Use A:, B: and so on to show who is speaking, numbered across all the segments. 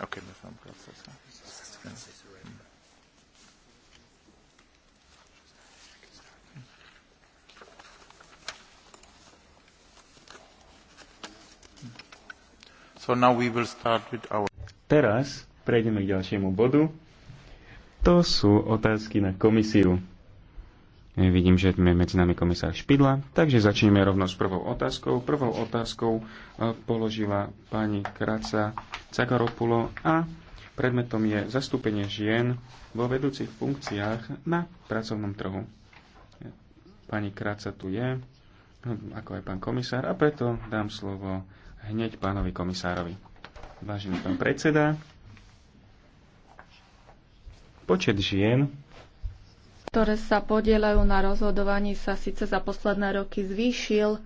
A: Okay, the film process. So now we will start with our... Teraz prejdeme k ďalšiemu bodu. To sú otázky na komisiu. Vidím, že je medzi nami komisár Špidla, takže začneme rovno s prvou otázkou. Prvou otázkou e, položila pani Kraca Cagaropulo a predmetom je zastúpenie žien vo vedúcich funkciách na pracovnom trhu. Pani Kraca tu je, ako aj pán komisár, a preto dám slovo hneď pánovi komisárovi. Vážený pán predseda, počet žien
B: ktoré sa podielajú na rozhodovaní, sa síce za posledné roky zvýšil,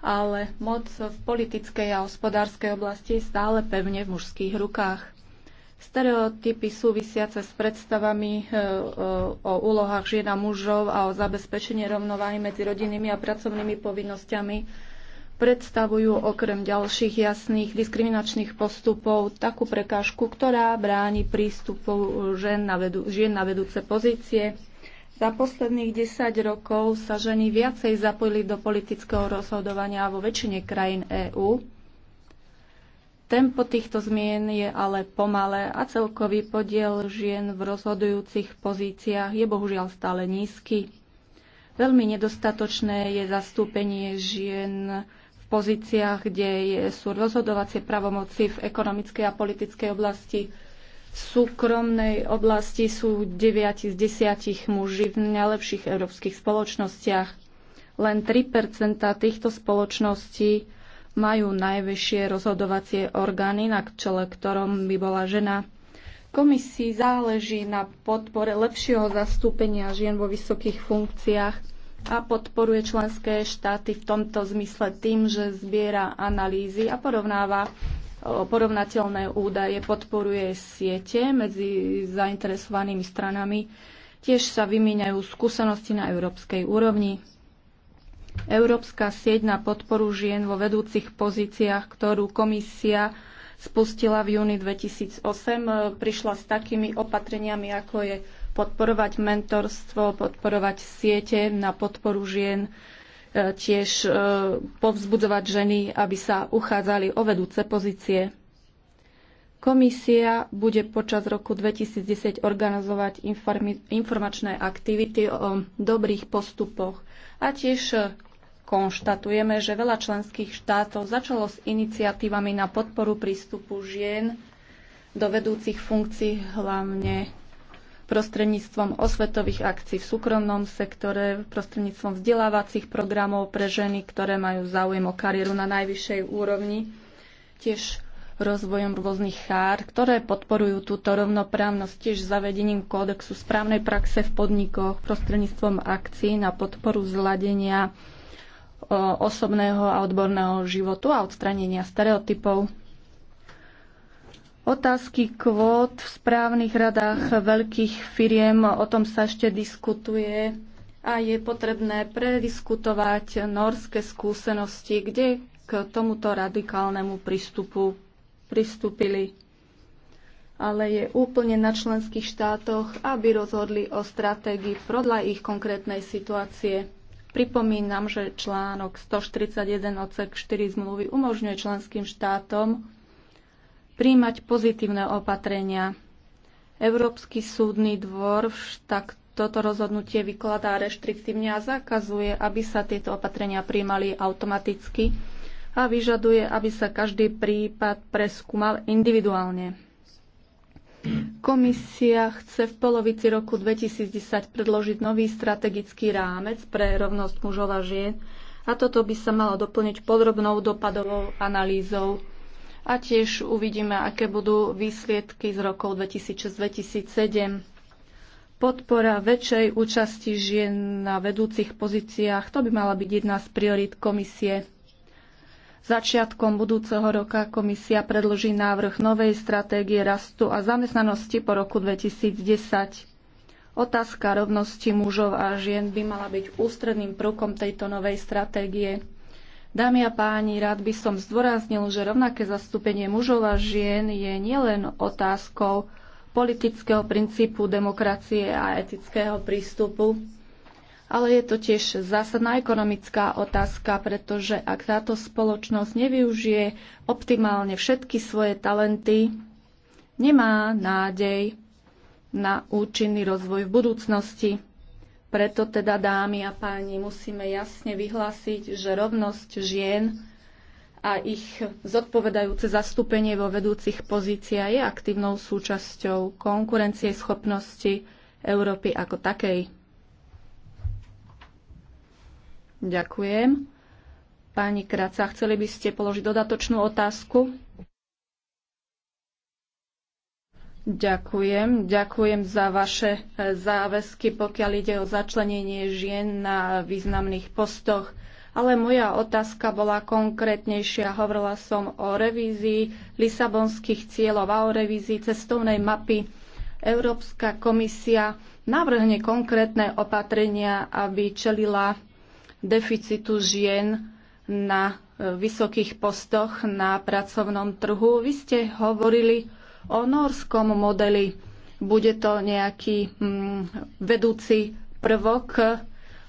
B: ale moc v politickej a hospodárskej oblasti je stále pevne v mužských rukách. Stereotypy súvisiace s predstavami e, e, o úlohách žien a mužov a o zabezpečenie rovnováhy medzi rodinnými a pracovnými povinnosťami predstavujú okrem ďalších jasných diskriminačných postupov takú prekážku, ktorá bráni prístupu žien na, vedú, žien na vedúce pozície, za posledných 10 rokov sa ženy viacej zapojili do politického rozhodovania vo väčšine krajín EÚ. Tempo týchto zmien je ale pomalé a celkový podiel žien v rozhodujúcich pozíciách je bohužiaľ stále nízky. Veľmi nedostatočné je zastúpenie žien v pozíciách, kde sú rozhodovacie pravomoci v ekonomickej a politickej oblasti súkromnej oblasti sú 9 z 10 muži v najlepších európskych spoločnostiach. Len 3 týchto spoločností majú najvyššie rozhodovacie orgány, na čele ktorom by bola žena. Komisii záleží na podpore lepšieho zastúpenia žien vo vysokých funkciách a podporuje členské štáty v tomto zmysle tým, že zbiera analýzy a porovnáva porovnateľné údaje, podporuje siete medzi zainteresovanými stranami. Tiež sa vymieňajú skúsenosti na európskej úrovni. Európska sieť na podporu žien vo vedúcich pozíciách, ktorú komisia spustila v júni 2008, prišla s takými opatreniami, ako je podporovať mentorstvo, podporovať siete na podporu žien E, tiež e, povzbudzovať ženy, aby sa uchádzali o vedúce pozície. Komisia bude počas roku 2010 organizovať informačné aktivity o dobrých postupoch a tiež e, konštatujeme, že veľa členských štátov začalo s iniciatívami na podporu prístupu žien do vedúcich funkcií, hlavne prostredníctvom osvetových akcií v súkromnom sektore, prostredníctvom vzdelávacích programov pre ženy, ktoré majú záujem o kariéru na najvyššej úrovni, tiež rozvojom rôznych chár, ktoré podporujú túto rovnoprávnosť tiež zavedením kódexu správnej praxe v podnikoch prostredníctvom akcií na podporu zladenia osobného a odborného životu a odstranenia stereotypov. Otázky kvót v správnych radách veľkých firiem, o tom sa ešte diskutuje a je potrebné prediskutovať norské skúsenosti, kde k tomuto radikálnemu prístupu pristúpili. Ale je úplne na členských štátoch, aby rozhodli o stratégii podľa ich konkrétnej situácie. Pripomínam, že článok 141 odsek 4 zmluvy umožňuje členským štátom príjmať pozitívne opatrenia. Európsky súdny dvor tak toto rozhodnutie vykladá reštriktívne a zakazuje, aby sa tieto opatrenia príjmali automaticky a vyžaduje, aby sa každý prípad preskúmal individuálne. Komisia chce v polovici roku 2010 predložiť nový strategický rámec pre rovnosť mužov a žien a toto by sa malo doplniť podrobnou dopadovou analýzou a tiež uvidíme, aké budú výsledky z rokov 2006-2007. Podpora väčšej účasti žien na vedúcich pozíciách, to by mala byť jedna z priorit komisie. Začiatkom budúceho roka komisia predloží návrh novej stratégie rastu a zamestnanosti po roku 2010. Otázka rovnosti mužov a žien by mala byť ústredným prvkom tejto novej stratégie. Dámy a páni, rád by som zdôraznil, že rovnaké zastúpenie mužov a žien je nielen otázkou politického princípu demokracie a etického prístupu, ale je to tiež zásadná ekonomická otázka, pretože ak táto spoločnosť nevyužije optimálne všetky svoje talenty, nemá nádej na účinný rozvoj v budúcnosti. Preto teda, dámy a páni, musíme jasne vyhlásiť, že rovnosť žien a ich zodpovedajúce zastúpenie vo vedúcich pozíciách je aktívnou súčasťou konkurencie schopnosti Európy ako takej. Ďakujem. Pani Kraca, chceli by ste položiť dodatočnú otázku? Ďakujem. Ďakujem za vaše e, záväzky, pokiaľ ide o začlenenie žien na významných postoch. Ale moja otázka bola konkrétnejšia. Hovorila som o revízii lisabonských cieľov a o revízii cestovnej mapy. Európska komisia navrhne konkrétne opatrenia, aby čelila deficitu žien na e, vysokých postoch na pracovnom trhu. Vy ste hovorili o norskom modeli. Bude to nejaký mm, vedúci prvok.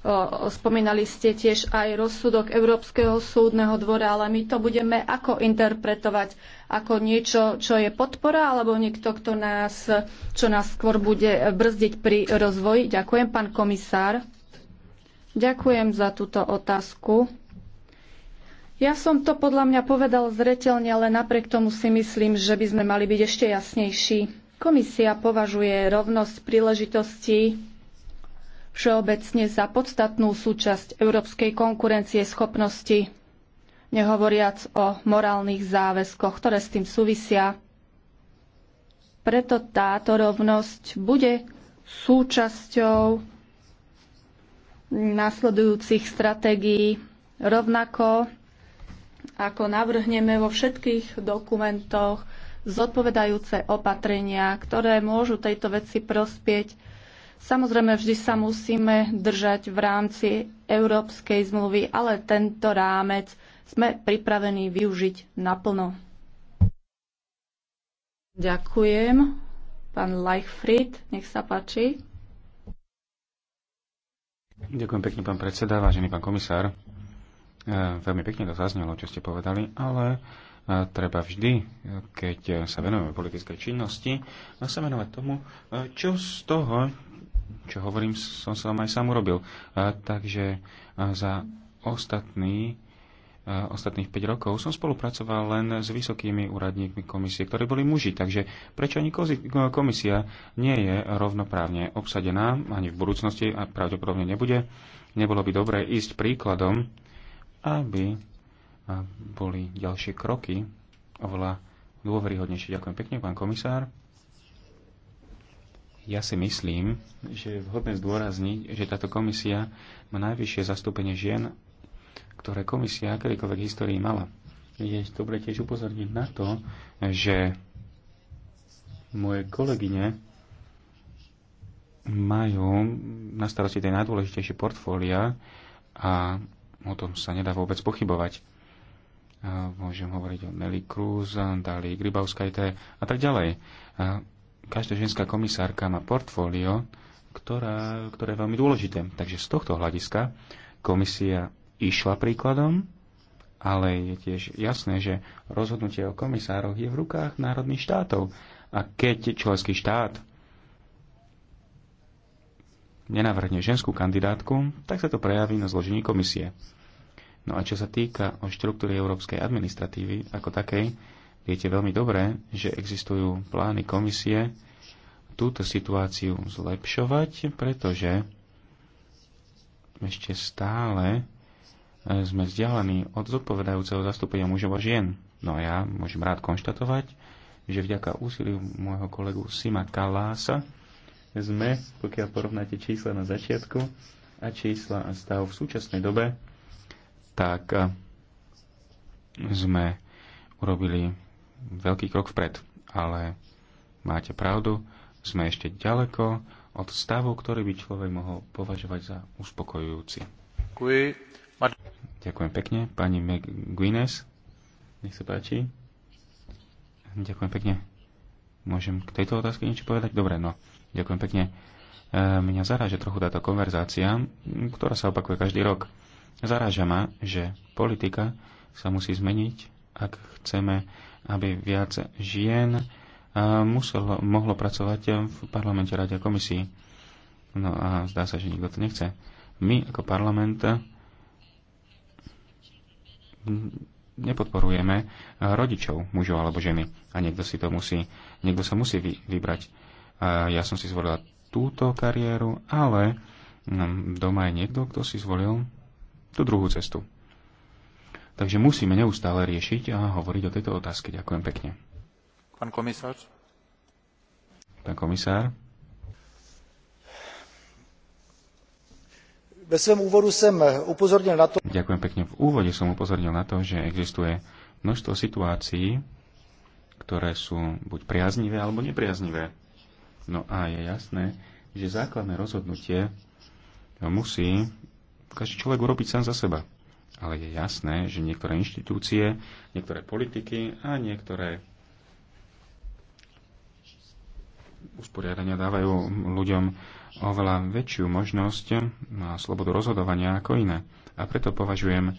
B: O, spomínali ste tiež aj rozsudok Európskeho súdneho dvora, ale my to budeme ako interpretovať? Ako niečo, čo je podpora, alebo niekto, kto nás, čo nás skôr bude brzdiť pri rozvoji? Ďakujem, pán komisár. Ďakujem za túto otázku. Ja som to podľa mňa povedal zretelne, ale napriek tomu si myslím, že by sme mali byť ešte jasnejší. Komisia považuje rovnosť príležitostí všeobecne za podstatnú súčasť európskej konkurencie schopnosti, nehovoriac o morálnych záväzkoch, ktoré s tým súvisia. Preto táto rovnosť bude súčasťou následujúcich stratégií rovnako ako navrhneme vo všetkých dokumentoch zodpovedajúce opatrenia, ktoré môžu tejto veci prospieť. Samozrejme, vždy sa musíme držať v rámci Európskej zmluvy, ale tento rámec sme pripravení využiť naplno. Ďakujem. Pán Leichfried, nech sa páči.
A: Ďakujem pekne, pán predseda, vážený pán komisár. E, veľmi pekne to zaznelo, čo ste povedali, ale e, treba vždy, e, keď sa venujeme politickej činnosti, sa venovať tomu, čo z toho, čo hovorím, som sa aj sám urobil. Takže za ostatný, ostatných 5 rokov som spolupracoval len s vysokými úradníkmi komisie, ktorí boli muži. Takže prečo ani komisia nie je rovnoprávne obsadená, ani v budúcnosti a pravdepodobne nebude? Nebolo by dobré ísť príkladom aby boli ďalšie kroky oveľa dôveryhodnejšie. Ďakujem pekne, pán komisár. Ja si myslím, že je vhodné zdôrazniť, že táto komisia má najvyššie zastúpenie žien, ktoré komisia akýkoľvek histórii mala. Je dobre tiež upozorniť na to, že moje kolegyne majú na starosti tie najdôležitejšie portfólia a o tom sa nedá vôbec pochybovať. Môžem hovoriť o Nelly Cruz, Dali Grybauskajte a tak ďalej. Každá ženská komisárka má portfólio, ktorá, ktoré je veľmi dôležité. Takže z tohto hľadiska komisia išla príkladom, ale je tiež jasné, že rozhodnutie o komisároch je v rukách národných štátov. A keď členský štát nenavrhne ženskú kandidátku, tak sa to prejaví na zložení komisie. No a čo sa týka o štruktúry európskej administratívy ako takej, viete veľmi dobre, že existujú plány komisie túto situáciu zlepšovať, pretože ešte stále e, sme vzdialení od zodpovedajúceho zastúpenia mužov a žien. No a ja môžem rád konštatovať, že vďaka úsiliu môjho kolegu Sima Kalása sme, pokiaľ porovnáte čísla na začiatku a čísla a stav v súčasnej dobe, tak eh, sme urobili veľký krok vpred. Ale máte pravdu, sme ešte ďaleko od stavu, ktorý by človek mohol považovať za uspokojujúci. Ďakujem pekne. Pani McGuinness, nech sa páči. Ďakujem pekne. Môžem k tejto otázke niečo povedať? Dobre, no Ďakujem pekne. E, mňa zaráža trochu táto konverzácia, ktorá sa opakuje každý rok. Zaráža ma, že politika sa musí zmeniť, ak chceme, aby viac žien e, muselo, mohlo pracovať v parlamente, rade a komisii. No a zdá sa, že nikto to nechce. My ako parlament nepodporujeme rodičov, mužov alebo ženy. A niekto si to musí, niekto sa musí vybrať ja som si zvolila túto kariéru, ale mm, doma je niekto, kto si zvolil tú druhú cestu. Takže musíme neustále riešiť a hovoriť o tejto otázke. Ďakujem pekne. Pán komisár. Pán komisár.
C: Ve svém úvodu jsem upozornil na to...
A: Ďakujem pekne. V úvode som upozornil na to, že existuje množstvo situácií, ktoré sú buď priaznivé alebo nepriaznivé. No a je jasné, že základné rozhodnutie musí každý človek urobiť sám za seba. Ale je jasné, že niektoré inštitúcie, niektoré politiky a niektoré usporiadania dávajú ľuďom oveľa väčšiu možnosť a slobodu rozhodovania ako iné. A preto považujem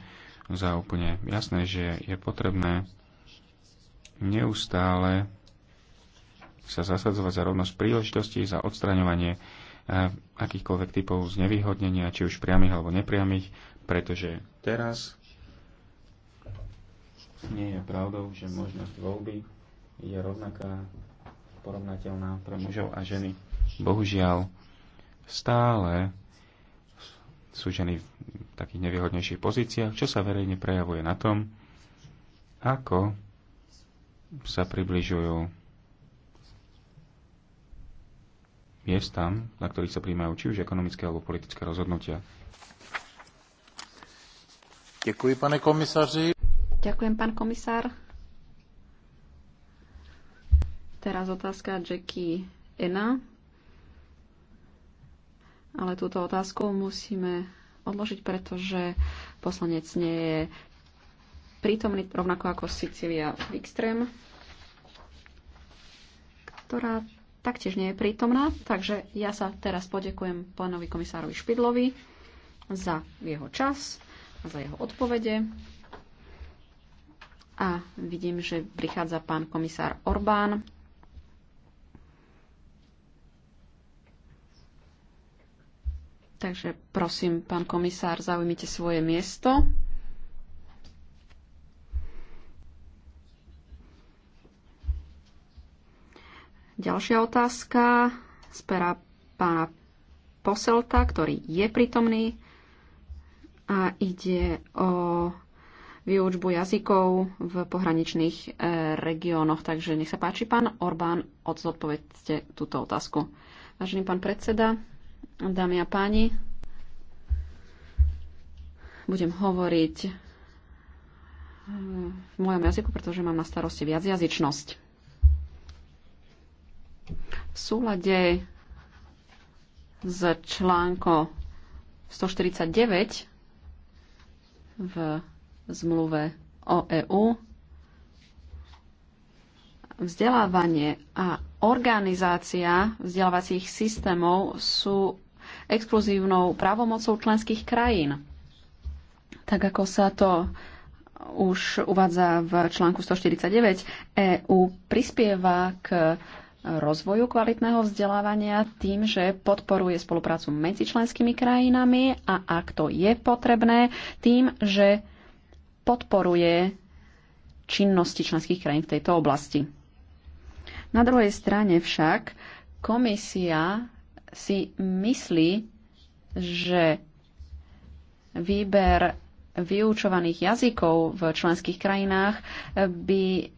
A: za úplne jasné, že je potrebné neustále sa zasadzovať za rovnosť príležitostí, za odstraňovanie eh, akýchkoľvek typov znevýhodnenia, či už priamých alebo nepriamých, pretože teraz nie je pravdou, že možnosť voľby je rovnaká, porovnateľná pre mužov a ženy. Bohužiaľ, stále sú ženy v takých nevýhodnejších pozíciách, čo sa verejne prejavuje na tom, ako sa približujú miestam, na ktorých sa príjmajú či už ekonomické alebo politické rozhodnutia. Ďakujem, pane komisáři.
D: Ďakujem, pán komisár. Teraz otázka Jackie Ena. Ale túto otázku musíme odložiť, pretože poslanec nie je prítomný, rovnako ako Sicilia Wikström, ktorá taktiež nie je prítomná, takže ja sa teraz podekujem pánovi komisárovi Špidlovi za jeho čas a za jeho odpovede. A vidím, že prichádza pán komisár Orbán. Takže prosím, pán komisár, zaujmite svoje miesto. Ďalšia otázka z pera pána Poselta, ktorý je prítomný a ide o výučbu jazykov v pohraničných e, regiónoch. Takže nech sa páči, pán Orbán, odzodpovedzte túto otázku. Vážený pán predseda, dámy a páni, budem hovoriť e, v mojom jazyku, pretože mám na starosti viac jazyčnosť. V súlade s článkom 149 v zmluve o EÚ vzdelávanie a organizácia vzdelávacích systémov sú exkluzívnou právomocou členských krajín. Tak ako sa to už uvádza v článku 149, EÚ prispieva k rozvoju kvalitného vzdelávania tým, že podporuje spoluprácu medzi členskými krajinami a ak to je potrebné, tým, že podporuje činnosti členských krajín v tejto oblasti. Na druhej strane však komisia si myslí, že výber vyučovaných jazykov v členských krajinách by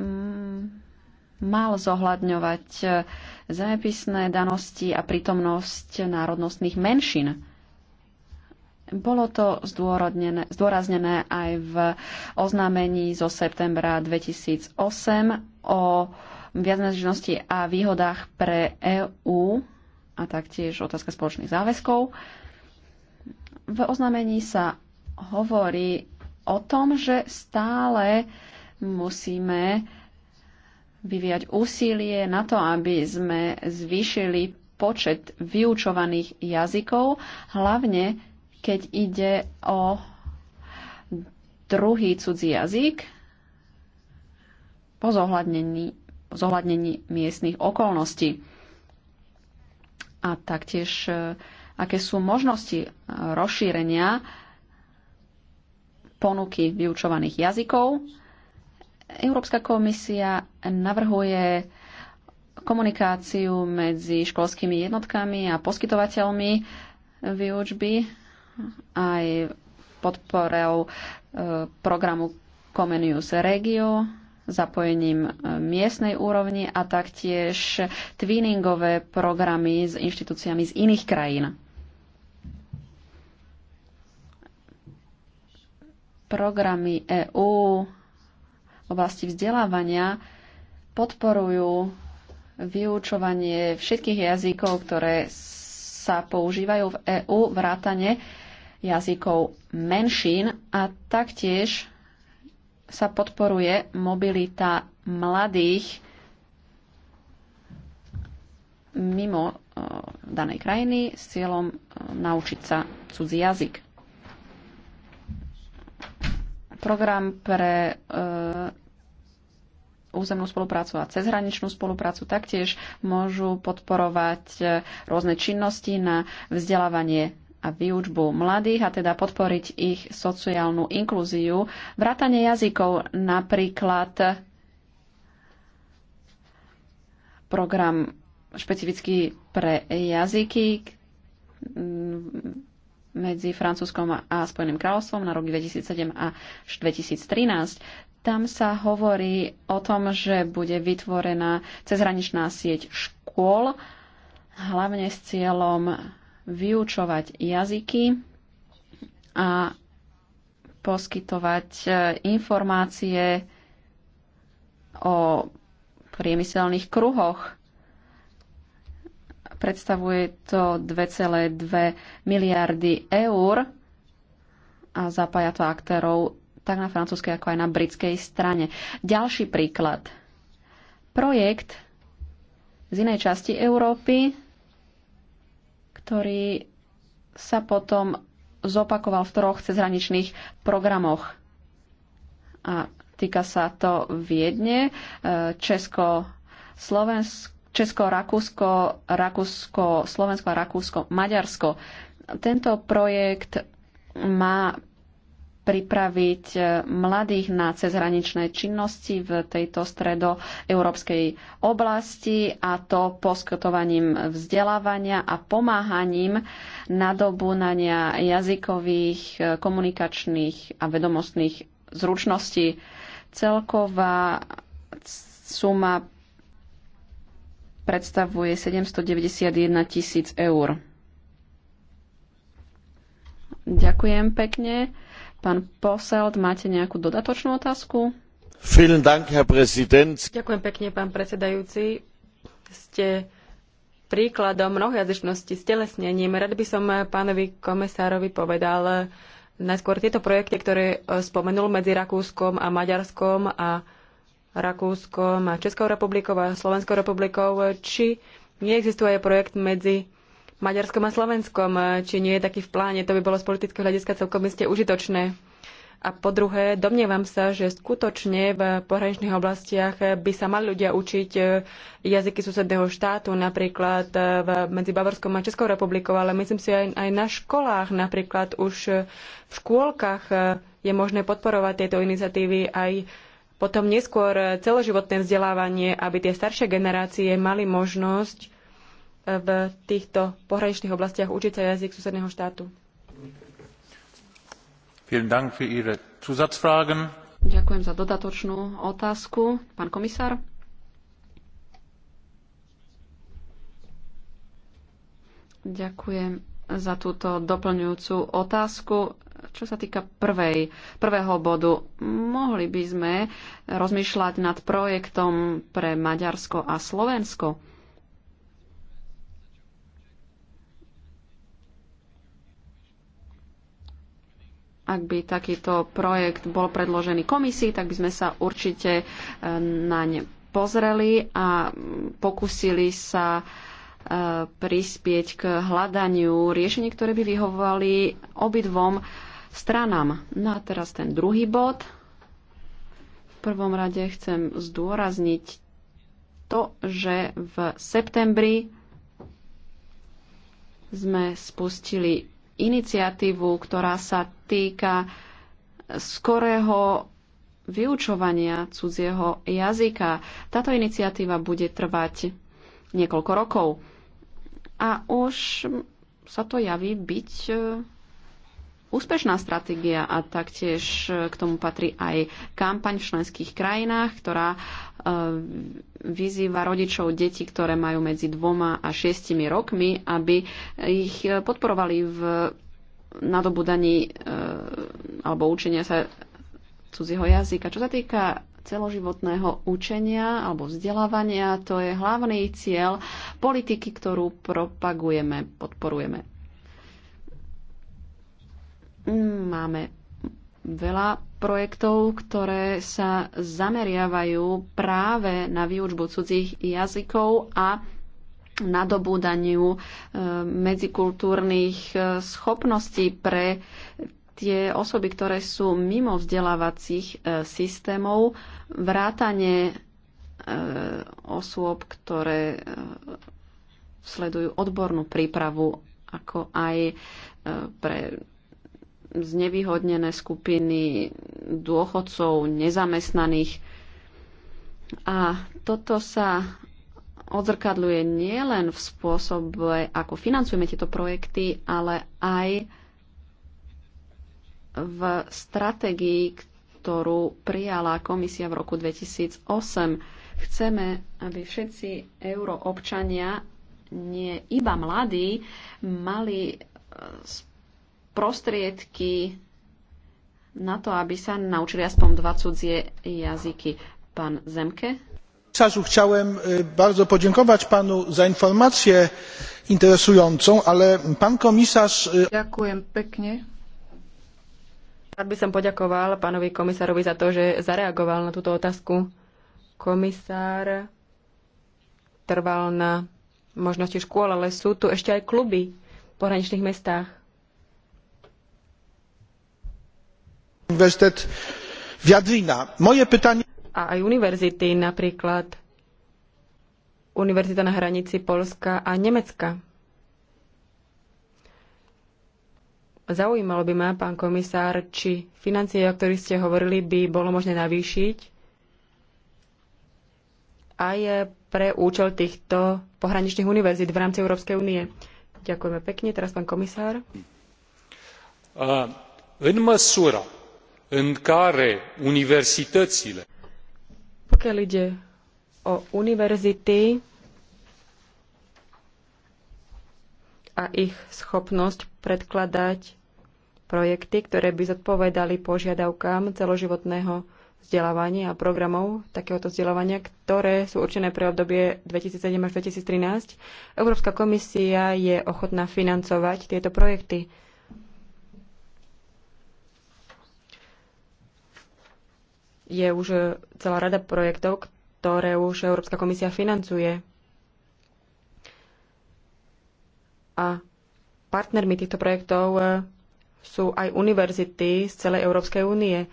D: mm, mal zohľadňovať e, zemepisné danosti a prítomnosť národnostných menšín. Bolo to zdôraznené aj v oznámení zo septembra 2008 o viacnežnosti a výhodách pre EÚ a taktiež otázka spoločných záväzkov. V oznámení sa hovorí o tom, že stále musíme vyvíjať úsilie na to, aby sme zvýšili počet vyučovaných jazykov, hlavne keď ide o druhý cudzí jazyk po zohľadnení, po zohľadnení miestnych okolností. A taktiež, e, aké sú možnosti rozšírenia ponuky vyučovaných jazykov, Európska komisia navrhuje komunikáciu medzi školskými jednotkami a poskytovateľmi výučby aj podporou e, programu Comenius Regio zapojením e, miestnej úrovni a taktiež twinningové programy s inštitúciami z iných krajín. Programy EÚ oblasti vzdelávania podporujú vyučovanie všetkých jazykov, ktoré sa používajú v EÚ, vrátane jazykov menšín a taktiež sa podporuje mobilita mladých mimo e, danej krajiny s cieľom e, naučiť sa cudzí jazyk. Program pre e, územnú spoluprácu a cezhraničnú spoluprácu. Taktiež môžu podporovať e, rôzne činnosti na vzdelávanie a výučbu mladých a teda podporiť ich sociálnu inklúziu. Vrátanie jazykov napríklad program špecifický pre jazyky medzi Francúzskom a Spojeným kráľovstvom na rok 2007 a 2013. Tam sa hovorí o tom, že bude vytvorená cezhraničná sieť škôl, hlavne s cieľom vyučovať jazyky a poskytovať e, informácie o priemyselných kruhoch. Predstavuje to 2,2 miliardy eur a zapája to aktérov tak na francúzskej, ako aj na britskej strane. Ďalší príklad. Projekt z inej časti Európy, ktorý sa potom zopakoval v troch cezhraničných programoch. A týka sa to Viedne, e, Česko, Slovensko, Česko, Rakúsko, Rakúsko, Slovensko Rakúsko, Maďarsko. Tento projekt má pripraviť e, mladých na cezhraničné činnosti v tejto stredoeurópskej oblasti a to poskytovaním vzdelávania a pomáhaním nadobúnania jazykových, e, komunikačných a vedomostných zručností. Celková suma predstavuje 791 tisíc eur. Ďakujem pekne. Pán Poselt, máte nejakú dodatočnú otázku?
C: Dank, Ďakujem
D: pekne, pán predsedajúci. Ste
C: príkladom mnohojazyčnosti stelesnením. Rád by som pánovi komisárovi povedal najskôr tieto projekty, ktoré e, spomenul medzi Rakúskom a Maďarskom a Rakúskom a Českou republikou a Slovenskou republikou, či neexistuje projekt medzi Maďarskom a Slovenskom, e, či nie je taký v pláne, to by bolo z politického hľadiska celkom iste užitočné. A po druhé, domnievam sa, že skutočne v pohraničných oblastiach by sa mali ľudia učiť e, jazyky susedného štátu, napríklad e, v, medzi Bavorskom a Českou republikou, ale myslím si aj, aj na školách, napríklad už v škôlkach je možné podporovať tieto iniciatívy aj potom neskôr celoživotné vzdelávanie, aby tie staršie generácie mali možnosť v týchto pohraničných oblastiach učiť sa jazyk susedného štátu.
D: Ďakujem za dodatočnú otázku. Pán komisár? Ďakujem za túto doplňujúcu otázku. Čo sa týka prvej, prvého bodu, mohli by sme rozmýšľať nad projektom pre Maďarsko a Slovensko. ak by takýto projekt bol predložený komisii, tak by sme sa určite e, na ne pozreli a pokúsili sa e, prispieť k hľadaniu riešení, ktoré by vyhovovali obidvom stranám. No a teraz ten druhý bod. V prvom rade chcem zdôrazniť to, že v septembri sme spustili iniciatívu, ktorá sa týka skorého vyučovania cudzieho jazyka. Táto iniciatíva bude trvať niekoľko rokov. A už sa to javí byť eh, úspešná stratégia a taktiež e, k tomu patrí aj kampaň v členských krajinách, ktorá e, vyzýva rodičov detí, ktoré majú medzi dvoma a šiestimi rokmi, aby ich e, podporovali v nadobudaní alebo učenia sa cudzieho jazyka. Čo sa týka celoživotného učenia alebo vzdelávania, to je hlavný cieľ politiky, ktorú propagujeme, podporujeme. Máme veľa projektov, ktoré sa zameriavajú práve na výučbu cudzích jazykov a nadobúdaniu e, medzikultúrnych e, schopností pre tie osoby, ktoré sú mimo vzdelávacích e, systémov, vrátanie osôb, ktoré sledujú odbornú prípravu, ako aj pre znevýhodnené skupiny dôchodcov, nezamestnaných. A toto sa odzrkadľuje nielen v spôsobe, ako financujeme tieto projekty, ale aj v stratégii, ktorú prijala komisia v roku 2008. Chceme, aby všetci euroobčania, nie iba mladí, mali prostriedky na to, aby sa naučili aspoň dva cudzie jazyky. Pán Zemke? Sarzu, chciałem bardzo podziękować panu za informację interesującą, ale pan komisarz...
C: Ďakujem pekne. Rád by som poďakoval pánovi komisárovi za to, že zareagoval na túto otázku. Komisár trval na možnosti škôl, ale sú tu ešte aj kluby v pohraničných mestách.
A: uniwersytet viadrina. Moje pytanie...
C: A aj univerzity, napríklad univerzita na hranici Polska a Nemecka. Zaujímalo by ma, pán komisár, či financie, o ktorých ste hovorili, by bolo možné navýšiť aj pre účel týchto pohraničných univerzít v rámci Európskej únie. Ďakujeme pekne. Teraz pán komisár.
A: Uh, în care universitățile
C: pokiaľ ide o univerzity a ich schopnosť predkladať projekty, ktoré by zodpovedali požiadavkám celoživotného vzdelávania a programov takéhoto vzdelávania, ktoré sú určené pre obdobie 2007 až 2013. Európska komisia je ochotná financovať tieto projekty. je už e, celá rada projektov, ktoré už Európska komisia financuje. A partnermi týchto projektov e, sú aj univerzity z celej Európskej únie.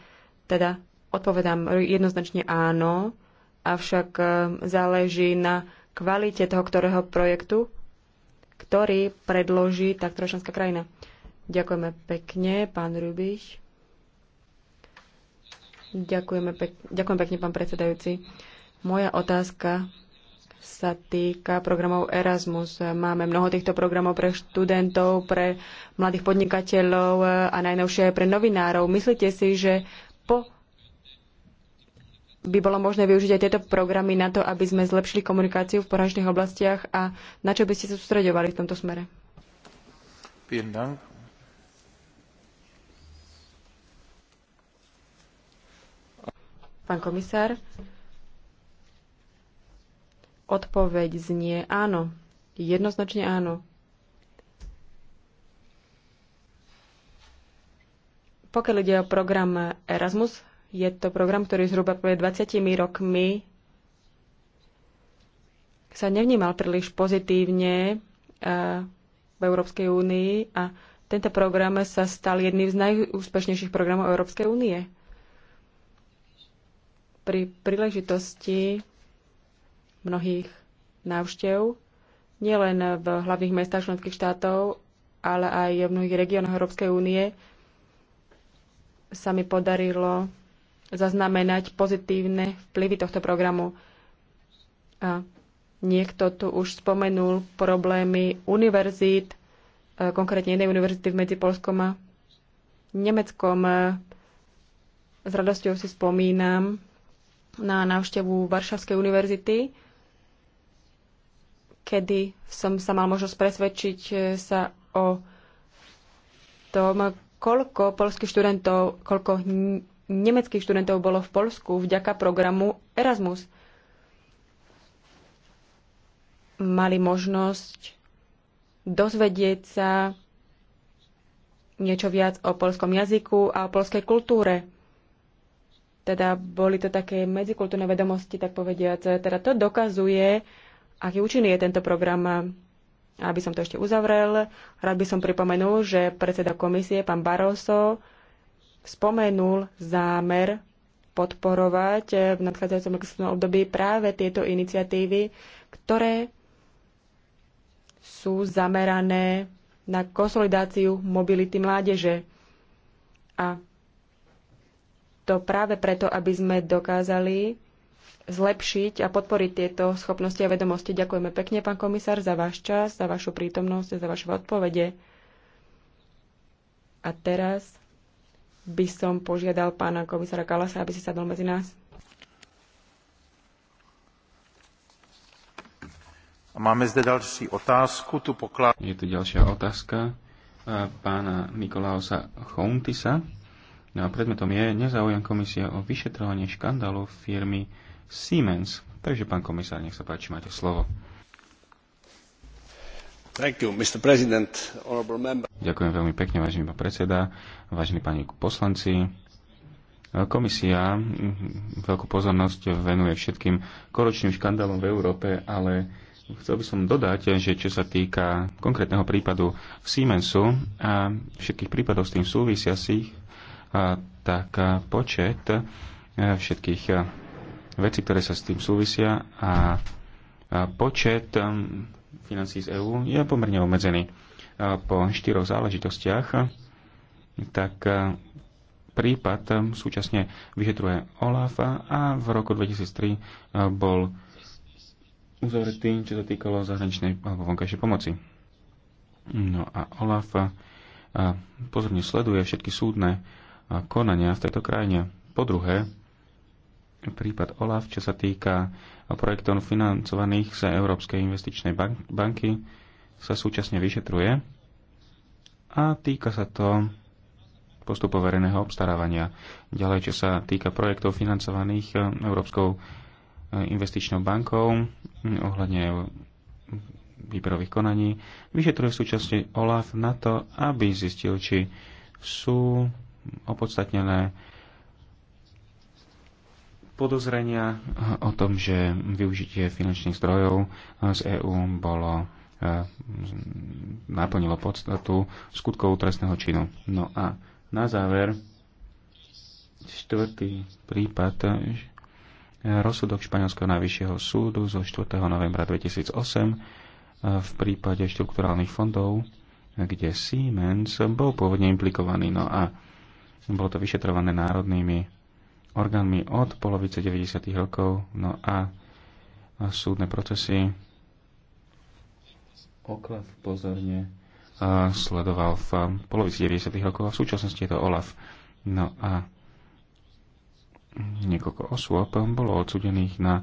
C: Teda odpovedám jednoznačne áno, avšak e, záleží na kvalite toho ktorého projektu, ktorý predloží tá členská krajina. Ďakujeme pekne, pán Rubich. Ďakujeme pek- Ďakujem pekne, pán predsedajúci. Moja otázka sa týka programov Erasmus. Máme mnoho týchto programov pre študentov, pre mladých podnikateľov a najnovšie aj pre novinárov. Myslíte si, že po by bolo možné využiť aj tieto programy na to, aby sme zlepšili komunikáciu v poražných oblastiach a na čo by ste sa sústredovali v tomto smere?
A: Vielen Dank.
C: Pán komisár, odpoveď znie áno. Jednoznačne áno. Pokiaľ ide o program Erasmus, je to program, ktorý zhruba pred 20 rokmi sa nevnímal príliš pozitívne eh, v Európskej únii a tento program sa stal jedným z najúspešnejších programov Európskej únie. Pri príležitosti mnohých návštev, nielen v hlavných mestách členských štátov, ale aj v mnohých regiónoch Európskej únie, sa mi podarilo zaznamenať pozitívne vplyvy tohto programu. A niekto tu už spomenul problémy univerzít, e, konkrétne jednej univerzity medzi Polskom a Nemeckom. E, s radosťou si spomínam na návštevu Varšavskej univerzity, kedy som sa mal možnosť presvedčiť e, sa o tom, koľko polských študentov, koľko nemeckých študentov bolo v Polsku vďaka programu Erasmus. Mali možnosť dozvedieť sa niečo viac o polskom jazyku a o polskej kultúre teda boli to také medzikultúrne vedomosti, tak povediať. Teda to dokazuje, aký účinný je tento program. Aby som to ešte uzavrel, rád by som pripomenul, že predseda komisie, pán Barroso, spomenul zámer podporovať v nadchádzajúcom legislatívnom období práve tieto iniciatívy, ktoré sú zamerané na konsolidáciu mobility mládeže. A to práve preto, aby sme dokázali zlepšiť a podporiť tieto schopnosti a vedomosti. Ďakujeme pekne, pán komisár, za váš čas, za vašu prítomnosť, za vaše odpovede. A teraz by som požiadal pána komisára Kalasa, aby si sadol medzi nás.
A: A máme zde ďalší otázku. Tu poklad... Je tu ďalšia otázka eh, pána Nikolausa Chountisa. No a predmetom je nezáujem komisie o vyšetrovanie škandálu firmy Siemens. Takže, pán komisár, nech sa páči, máte slovo. You, Ďakujem veľmi pekne, vážený pán predseda, vážení páni poslanci. Komisia veľkú pozornosť venuje všetkým koročným škandálom v Európe, ale chcel by som dodať, že čo sa týka konkrétneho prípadu Siemensu a všetkých prípadov s tým súvisiacich, tak počet e, všetkých e, vecí, ktoré sa s tým súvisia a počet e, financí z EÚ je pomerne obmedzený. Po štyroch záležitostiach tak prípad súčasne vyšetruje Olaf a v roku 2003 bol uzavretý, čo sa týkalo zahraničnej alebo vonkajšej pomoci. No a Olaf pozorne sleduje všetky súdne konania v tejto krajine. Po druhé, prípad OLAF, čo sa týka projektov financovaných z Európskej investičnej banky, sa súčasne vyšetruje a týka sa to postupov verejného obstarávania. Ďalej, čo sa týka projektov financovaných e, Európskou e, investičnou bankou ohľadne výberových konaní, vyšetruje súčasne OLAF na to, aby zistil, či sú opodstatnené podozrenia o tom, že využitie finančných zdrojov z EÚ bolo e, naplnilo podstatu skutkov trestného činu. No a na záver štvrtý prípad rozsudok Španielského najvyššieho súdu zo 4. novembra 2008 e, v prípade štruktúrálnych fondov, kde Siemens bol pôvodne implikovaný. No a bolo to vyšetrované národnými orgánmi od polovice 90. rokov, no a, súdne procesy Oklav pozorne a, sledoval v polovici 90. rokov a v súčasnosti je to Olaf. No a niekoľko osôb bolo odsudených na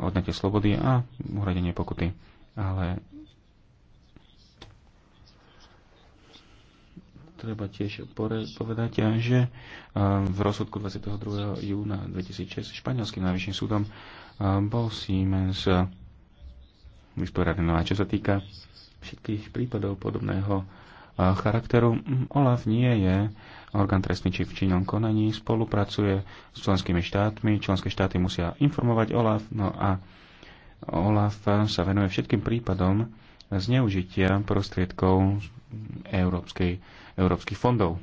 A: odnete slobody a uhradenie pokuty. Ale Treba tiež povedať, eh, že eh, v rozsudku 22. júna 2006 španielským najvyšším súdom eh, bol Siemens vysporiadaný. No a čo sa týka všetkých prípadov podobného charakteru, hm, OLAF nie je orgán trestný či v činnom konaní, spolupracuje s členskými štátmi, členské štáty musia informovať OLAF, no a OLAF sa venuje všetkým prípadom zneužitia prostriedkov Európskej európskych fondov.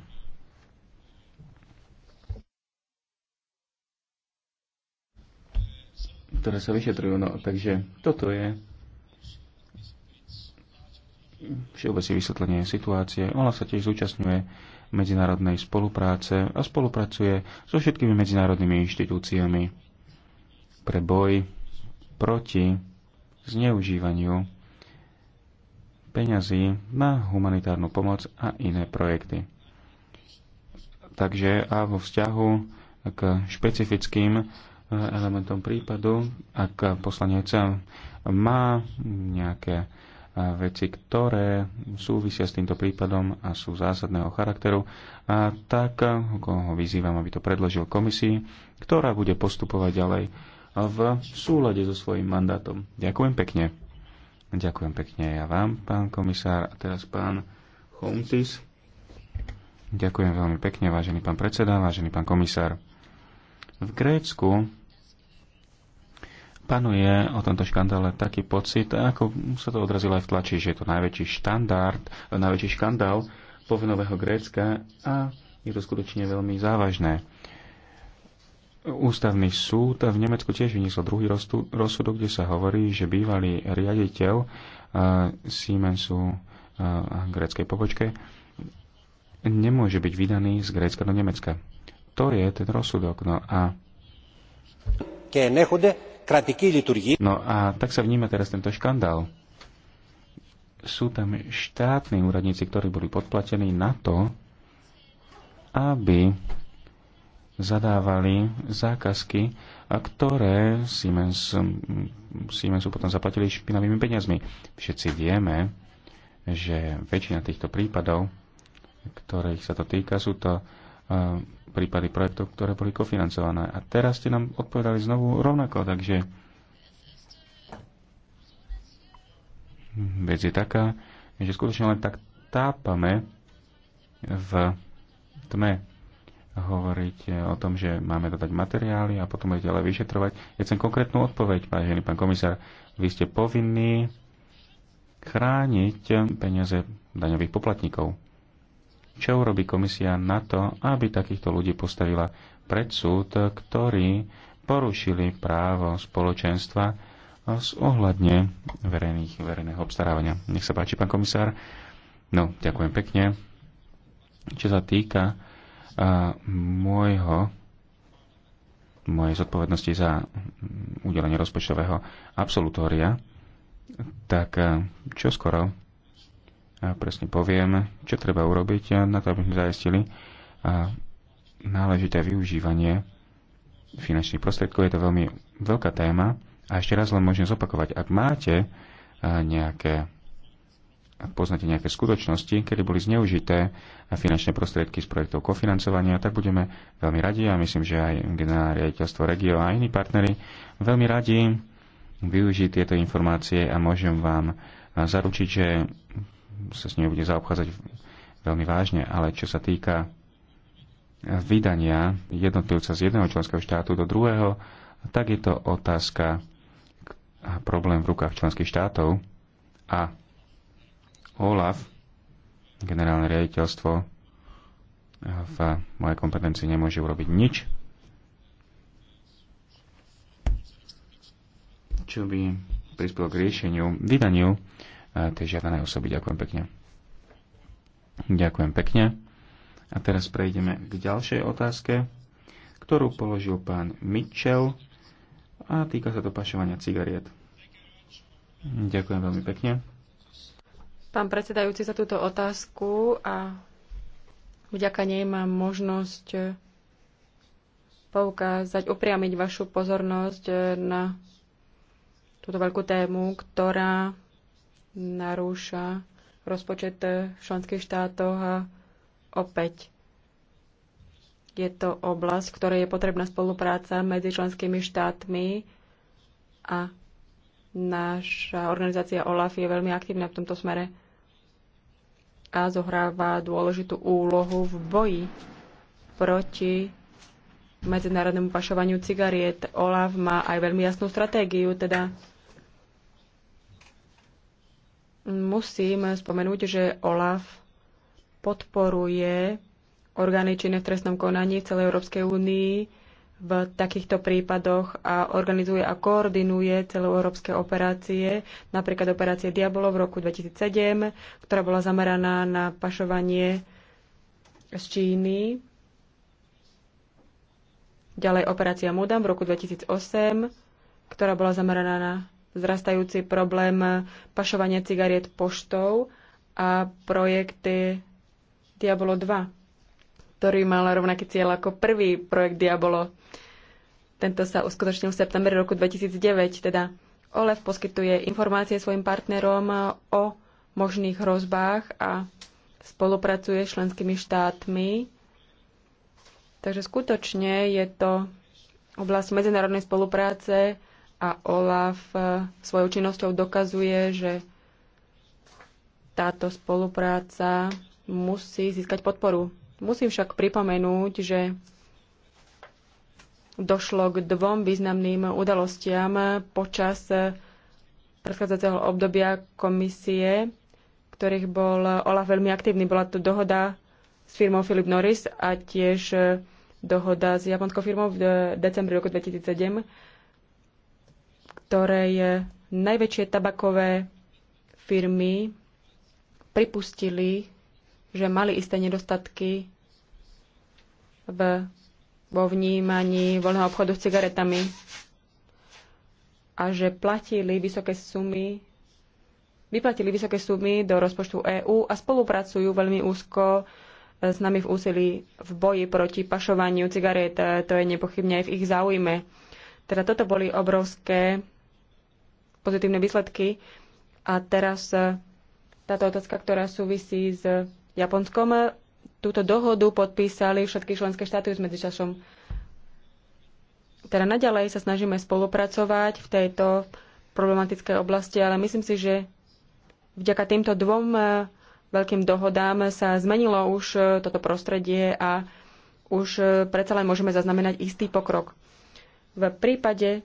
A: ktoré sa vyšetrujú. No, takže toto je všeobecné vysvetlenie situácie. Ona sa tiež zúčastňuje medzinárodnej spolupráce a spolupracuje so všetkými medzinárodnými inštitúciami pre boj proti zneužívaniu peňazí na humanitárnu pomoc a iné projekty. Takže a vo vzťahu k špecifickým eh, elementom prípadu, ak poslanec má nejaké eh, veci, ktoré súvisia s týmto prípadom a sú zásadného charakteru, a tak eh, ho vyzývam, aby to predložil komisii, ktorá bude postupovať ďalej v súlade so svojím mandátom. Ďakujem pekne. Ďakujem pekne ja vám, pán komisár. A teraz pán Homtis. Ďakujem veľmi pekne, vážený pán predseda, vážený pán komisár. V Grécku panuje o tomto škandále taký pocit, ako sa to odrazilo aj v tlači, že je to najväčší štandard, najväčší škandál povinového Grécka a je to skutočne veľmi závažné. Ústavný súd v Nemecku tiež vyniesol druhý rozsudok, kde sa hovorí, že bývalý riaditeľ Siemensu a gréckej pobočke nemôže byť vydaný z Grécka do Nemecka. To je ten rozsudok. No a No a tak sa vníma teraz tento škandál. Sú tam štátni úradníci, ktorí boli podplatení na to, aby zadávali zákazky, a ktoré Siemens, Siemensu potom zaplatili špinavými peniazmi. Všetci vieme, že väčšina týchto prípadov, ktorých sa to týka, sú to e, prípady projektov, ktoré boli kofinancované. A teraz ste nám odpovedali znovu rovnako, takže vec je taká, že skutočne len tak tápame v tme hovoriť o tom, že máme dodať materiály a potom aj ďalej vyšetrovať. Ja chcem konkrétnu odpoveď, vážený pán komisár. Vy ste povinní chrániť peniaze daňových poplatníkov. Čo urobí komisia na to, aby takýchto ľudí postavila pred súd, ktorí porušili právo spoločenstva z ohľadne verejných, verejného obstarávania. Nech sa páči, pán komisár. No, ďakujem pekne. Čo sa týka môjho mojej zodpovednosti za mm, udelenie rozpočtového absolutória, tak e, čo skoro presne poviem, čo treba urobiť e, na to, aby sme zaistili náležité využívanie finančných prostriedkov. Je to veľmi veľká téma a ešte raz len môžem zopakovať, ak máte e, nejaké poznáte nejaké skutočnosti, kedy boli zneužité finančné prostriedky z projektov kofinancovania, tak budeme veľmi radi a myslím, že aj generálne riaditeľstvo Regio a iní partnery veľmi radi využiť tieto informácie a môžem vám zaručiť, že sa s nimi bude zaobchádzať veľmi vážne, ale čo sa týka vydania jednotlivca z jedného členského štátu do druhého, tak je to otázka a problém v rukách členských štátov a OLAF, generálne riaditeľstvo, v mojej kompetencii nemôže urobiť nič, čo by prispelo k riešeniu, vydaniu eh, tej žiadanej osoby. Ďakujem pekne. Ďakujem pekne. A teraz prejdeme k ďalšej otázke, ktorú položil pán Mitchell a týka sa to pašovania cigariet. Ďakujem veľmi pekne
C: pán predsedajúci, za túto otázku a vďaka nej mám možnosť poukázať, upriamiť vašu pozornosť na túto veľkú tému, ktorá narúša rozpočet v členských štátoch a opäť je to oblasť, v ktorej je potrebná spolupráca medzi členskými štátmi a náša organizácia OLAF je veľmi aktívna v tomto smere a zohráva dôležitú úlohu v boji proti medzinárodnému pašovaniu cigariet. OLAV má aj veľmi jasnú stratégiu, teda musím spomenúť, že OLAF podporuje orgány činné v trestnom konaní v celej Európskej únii v takýchto prípadoch a organizuje a koordinuje celoeurópske operácie, napríklad operácie Diabolo v roku 2007, ktorá bola zameraná na pašovanie z Číny. Ďalej operácia Mudam v roku 2008, ktorá bola zameraná na zrastajúci problém pašovania cigariet poštou a projekty Diabolo 2 ktorý mal rovnaký cieľ ako prvý projekt Diabolo. Tento sa uskutočnil v septembri roku 2009, teda OLEF poskytuje informácie svojim partnerom o možných hrozbách a spolupracuje s členskými štátmi. Takže skutočne je to oblasť medzinárodnej spolupráce a OLAF eh, svojou činnosťou dokazuje, že táto spolupráca musí získať podporu. Musím však pripomenúť, že došlo k dvom významným udalostiam počas predchádzajúceho obdobia komisie, ktorých bol Olaf veľmi aktívny. Bola tu dohoda s firmou Philip Norris a tiež dohoda s japonskou firmou v decembri roku 2007, ktorej najväčšie tabakové firmy pripustili že mali isté nedostatky v, vo vnímaní voľného obchodu s cigaretami a že platili vysoké sumy vyplatili vysoké sumy do rozpočtu EÚ a spolupracujú veľmi úzko e, s nami v úsilí v boji proti pašovaniu cigaret. E, to je nepochybne aj v ich záujme. Teda toto boli obrovské pozitívne výsledky. A teraz e, táto otázka, ktorá súvisí s Japonskom. Túto dohodu podpísali všetky členské štáty už medzičasom. Teda naďalej sa snažíme spolupracovať v tejto problematickej oblasti, ale myslím si, že vďaka týmto dvom eh, veľkým dohodám sa zmenilo už eh, toto prostredie a už eh, predsa len môžeme zaznamenať istý pokrok. V prípade,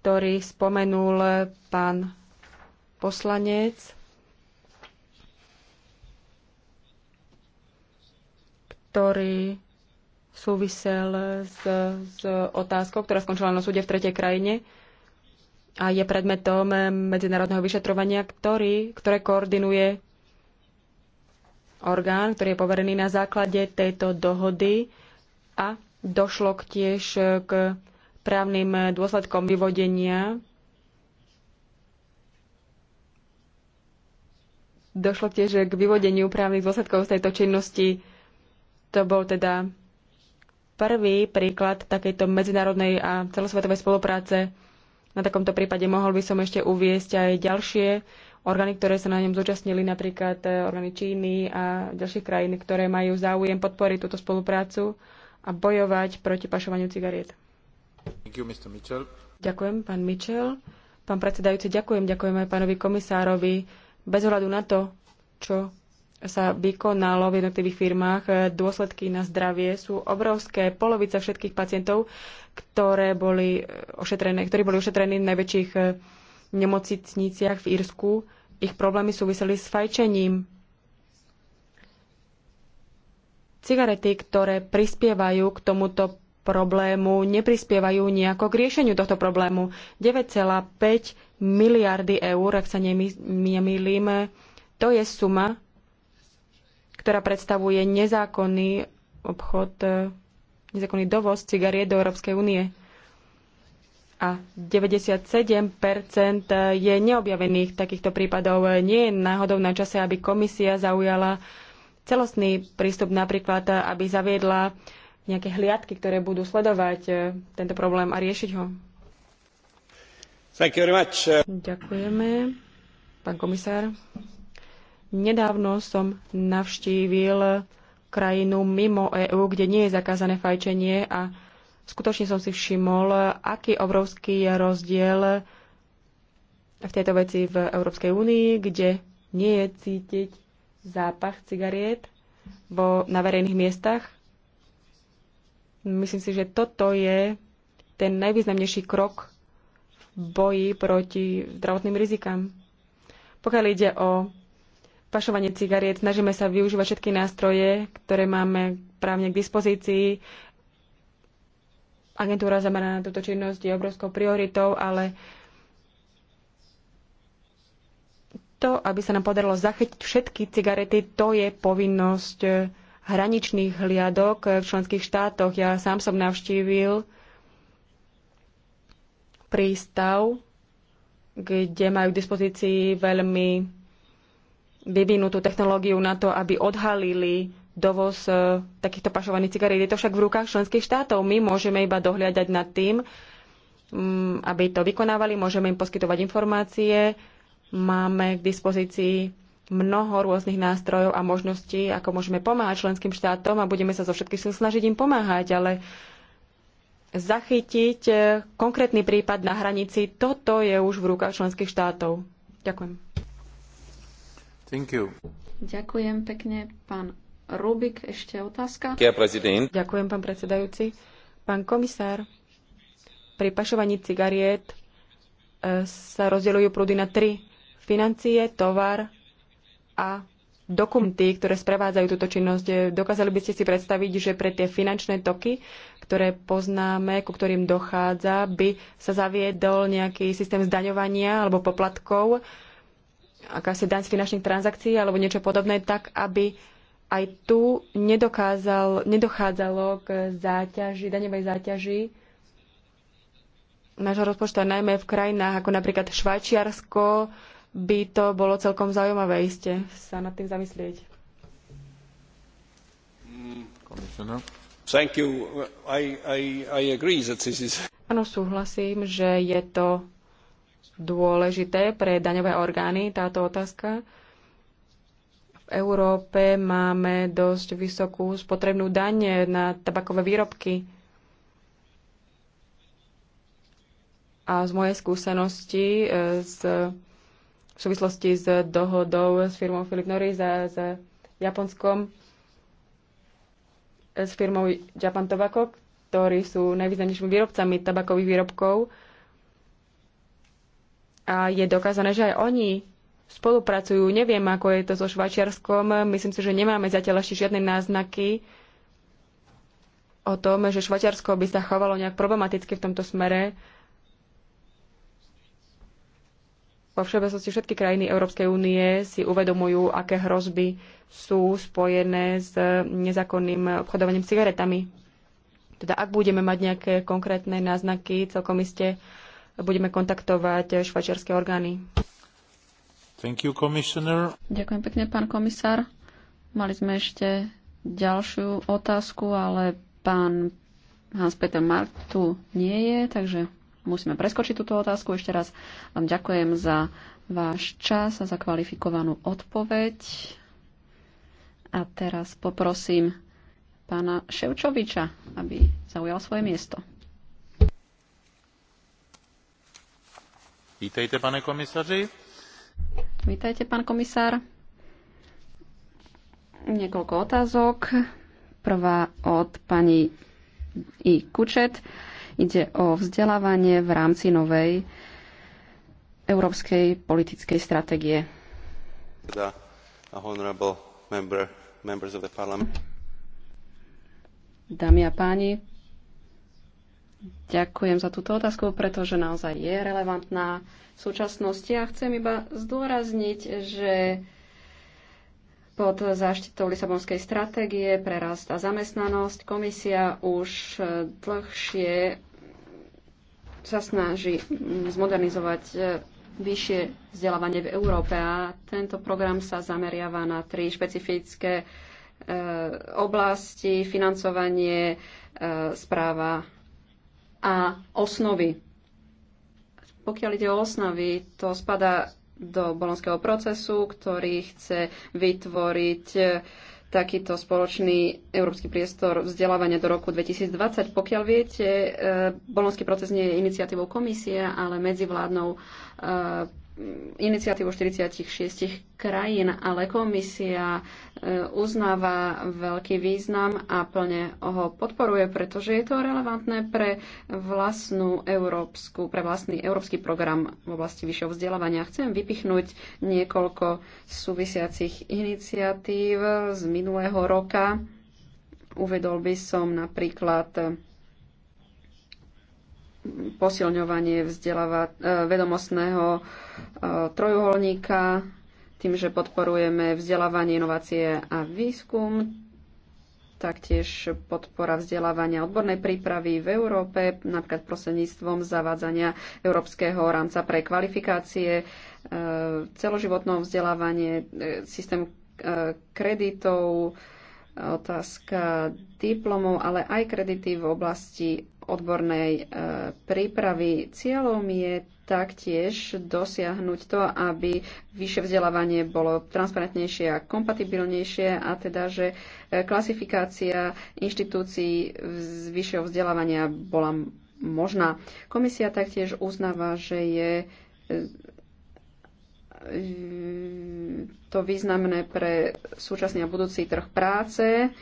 C: ktorý spomenul pán poslanec, ktorý súvisel s, s otázkou, ktorá skončila na súde v tretej krajine a je predmetom medzinárodného vyšetrovania, ktorý, ktoré koordinuje orgán, ktorý je poverený na základe tejto dohody a došlo k tiež k právnym dôsledkom vyvodenia. Došlo tiež k vyvodeniu právnych dôsledkov z tejto činnosti to bol teda prvý príklad takejto medzinárodnej a celosvetovej spolupráce. Na takomto prípade mohol by som ešte uviesť aj ďalšie orgány, ktoré sa na ňom zúčastnili, napríklad eh, orgány Číny a ďalších krajín, ktoré majú záujem podporiť túto spoluprácu a bojovať proti pašovaniu cigariet. You, ďakujem, pán Mitchell. Pán predsedajúci, ďakujem, ďakujem aj pánovi komisárovi. Bez ohľadu na to, čo sa vykonalo v jednotlivých firmách, dôsledky na zdravie sú obrovské. Polovica všetkých pacientov, ktoré boli ošetrené, ktorí boli ošetrení v najväčších eh, nemocniciach v Írsku, ich problémy súviseli s fajčením. Cigarety, ktoré prispievajú k tomuto problému, neprispievajú nejako k riešeniu tohto problému. 9,5 miliardy eur, ak sa nemýlim, to je suma, ktorá predstavuje nezákonný obchod, e, nezákonný dovoz cigariet do Európskej únie. A 97% je neobjavených takýchto prípadov. Nie je náhodou na čase, aby komisia zaujala celostný prístup napríklad, aby zaviedla nejaké hliadky, ktoré budú sledovať e, tento problém a riešiť ho.
D: Ďakujeme.
C: Pán komisár. Nedávno som navštívil krajinu mimo EÚ, kde nie je zakázané fajčenie a skutočne som si všimol, aký obrovský je rozdiel v tejto veci v Európskej únii, kde nie je cítiť zápach cigariét vo, na verejných miestach. Myslím si, že toto je ten najvýznamnejší krok v boji proti zdravotným rizikám. Pokiaľ ide o pašovanie cigariet. Snažíme sa využívať všetky nástroje, ktoré máme právne k dispozícii. Agentúra zameraná na túto činnosť je obrovskou prioritou, ale to, aby sa nám podarilo zachytiť všetky cigarety, to je povinnosť hraničných hliadok v členských štátoch. Ja sám som navštívil prístav, kde majú k dispozícii veľmi vyvinutú technológiu na to, aby odhalili dovoz e, takýchto pašovaných cigariet. Je to však v rukách členských štátov. My môžeme iba dohliadať nad tým, mm, aby to vykonávali, môžeme im poskytovať informácie. Máme k dispozícii mnoho rôznych nástrojov a možností, ako môžeme pomáhať členským štátom a budeme sa zo všetkých sil snažiť im pomáhať, ale zachytiť e, konkrétny prípad na hranici, toto je už v rukách členských štátov. Ďakujem. Thank you. Ďakujem pekne, pán Rubik. Ešte otázka? Ďakujem, pán predsedajúci. Pán komisár, pri pašovaní cigariét e, sa rozdeľujú prúdy na tri. Financie, tovar a dokumenty, ktoré sprevádzajú túto činnosť. E, dokázali by ste si predstaviť, že pre tie finančné toky, ktoré poznáme, ku ktorým dochádza, by sa zaviedol nejaký systém zdaňovania alebo poplatkov, akási daň z finančných transakcií alebo niečo podobné, tak aby aj tu nedokázal, nedochádzalo k záťaži, daňovej záťaži nášho rozpočtu, najmä v krajinách ako napríklad Švajčiarsko, by to bolo celkom zaujímavé iste sa nad tým zamyslieť. Áno, is... súhlasím, že je to dôležité pre daňové orgány táto otázka. V Európe máme dosť vysokú spotrebnú daň na tabakové výrobky. A z mojej skúsenosti e, z, v súvislosti s dohodou s firmou Philip Norris a s Japonskom, e, s firmou Japan Tobacco, ktorí sú najvýznamnejšími výrobcami tabakových výrobkov, a je dokázané, že aj oni spolupracujú. Neviem, ako je to so Švajčiarskom. Myslím si, že nemáme zatiaľ ešte žiadne náznaky o tom, že Švajčiarsko by sa chovalo nejak problematicky v tomto smere. Vo všeobecnosti všetky krajiny Európskej únie si uvedomujú, aké hrozby sú spojené s nezákonným obchodovaním cigaretami. Teda ak budeme mať nejaké konkrétne náznaky, celkom iste
D: budeme kontaktovať švajčiarske orgány.
A: Thank you, commissioner.
D: Ďakujem pekne, pán komisár. Mali sme ešte ďalšiu otázku, ale pán Hans-Peter Mark tu nie je, takže musíme preskočiť túto otázku. Ešte raz vám ďakujem za váš čas a za kvalifikovanú odpoveď. A teraz poprosím pána Ševčoviča, aby zaujal svoje miesto.
A: Vítejte, pane komisaři.
D: Vítajte, pán komisár. Niekoľko otázok. Prvá od pani I. Kučet. Ide o vzdelávanie v rámci novej európskej politickej stratégie. Dámy a páni, Ďakujem za túto otázku, pretože naozaj je relevantná v súčasnosti a chcem iba zdôrazniť, že pod záštitou Lisabonskej stratégie pre rast a zamestnanosť komisia už dlhšie sa snaží zmodernizovať vyššie vzdelávanie v Európe a tento program sa zameriava na tri špecifické e, oblasti, financovanie, e, správa a osnovy. Pokiaľ ide o osnovy, to spada do bolonského procesu, ktorý chce vytvoriť eh, takýto spoločný európsky priestor vzdelávania do roku 2020. Pokiaľ viete, eh, bolonský proces nie je iniciatívou komisie, ale medzivládnou eh, iniciatívu 46 krajín, ale komisia e, uznáva veľký význam a plne ho podporuje, pretože je to relevantné pre vlastnú európsku, pre vlastný európsky program v oblasti vyššieho vzdelávania. Chcem vypichnúť niekoľko súvisiacich iniciatív z minulého roka. Uvedol by som napríklad posilňovanie vzdelava, e, vedomostného e, trojuholníka, tým, že podporujeme vzdelávanie, inovácie a výskum, taktiež podpora vzdelávania odbornej prípravy v Európe, napríklad prostredníctvom zavádzania Európskeho rámca pre kvalifikácie, e, celoživotné vzdelávanie, systém kreditov, otázka diplomov, ale aj kredity v oblasti odbornej e, prípravy. Cieľom je taktiež dosiahnuť to, aby vyššie vzdelávanie bolo transparentnejšie a kompatibilnejšie a teda, že e, klasifikácia inštitúcií z vyššieho vzdelávania bola možná. Komisia taktiež uznáva, že je e, to významné pre súčasný a budúci trh práce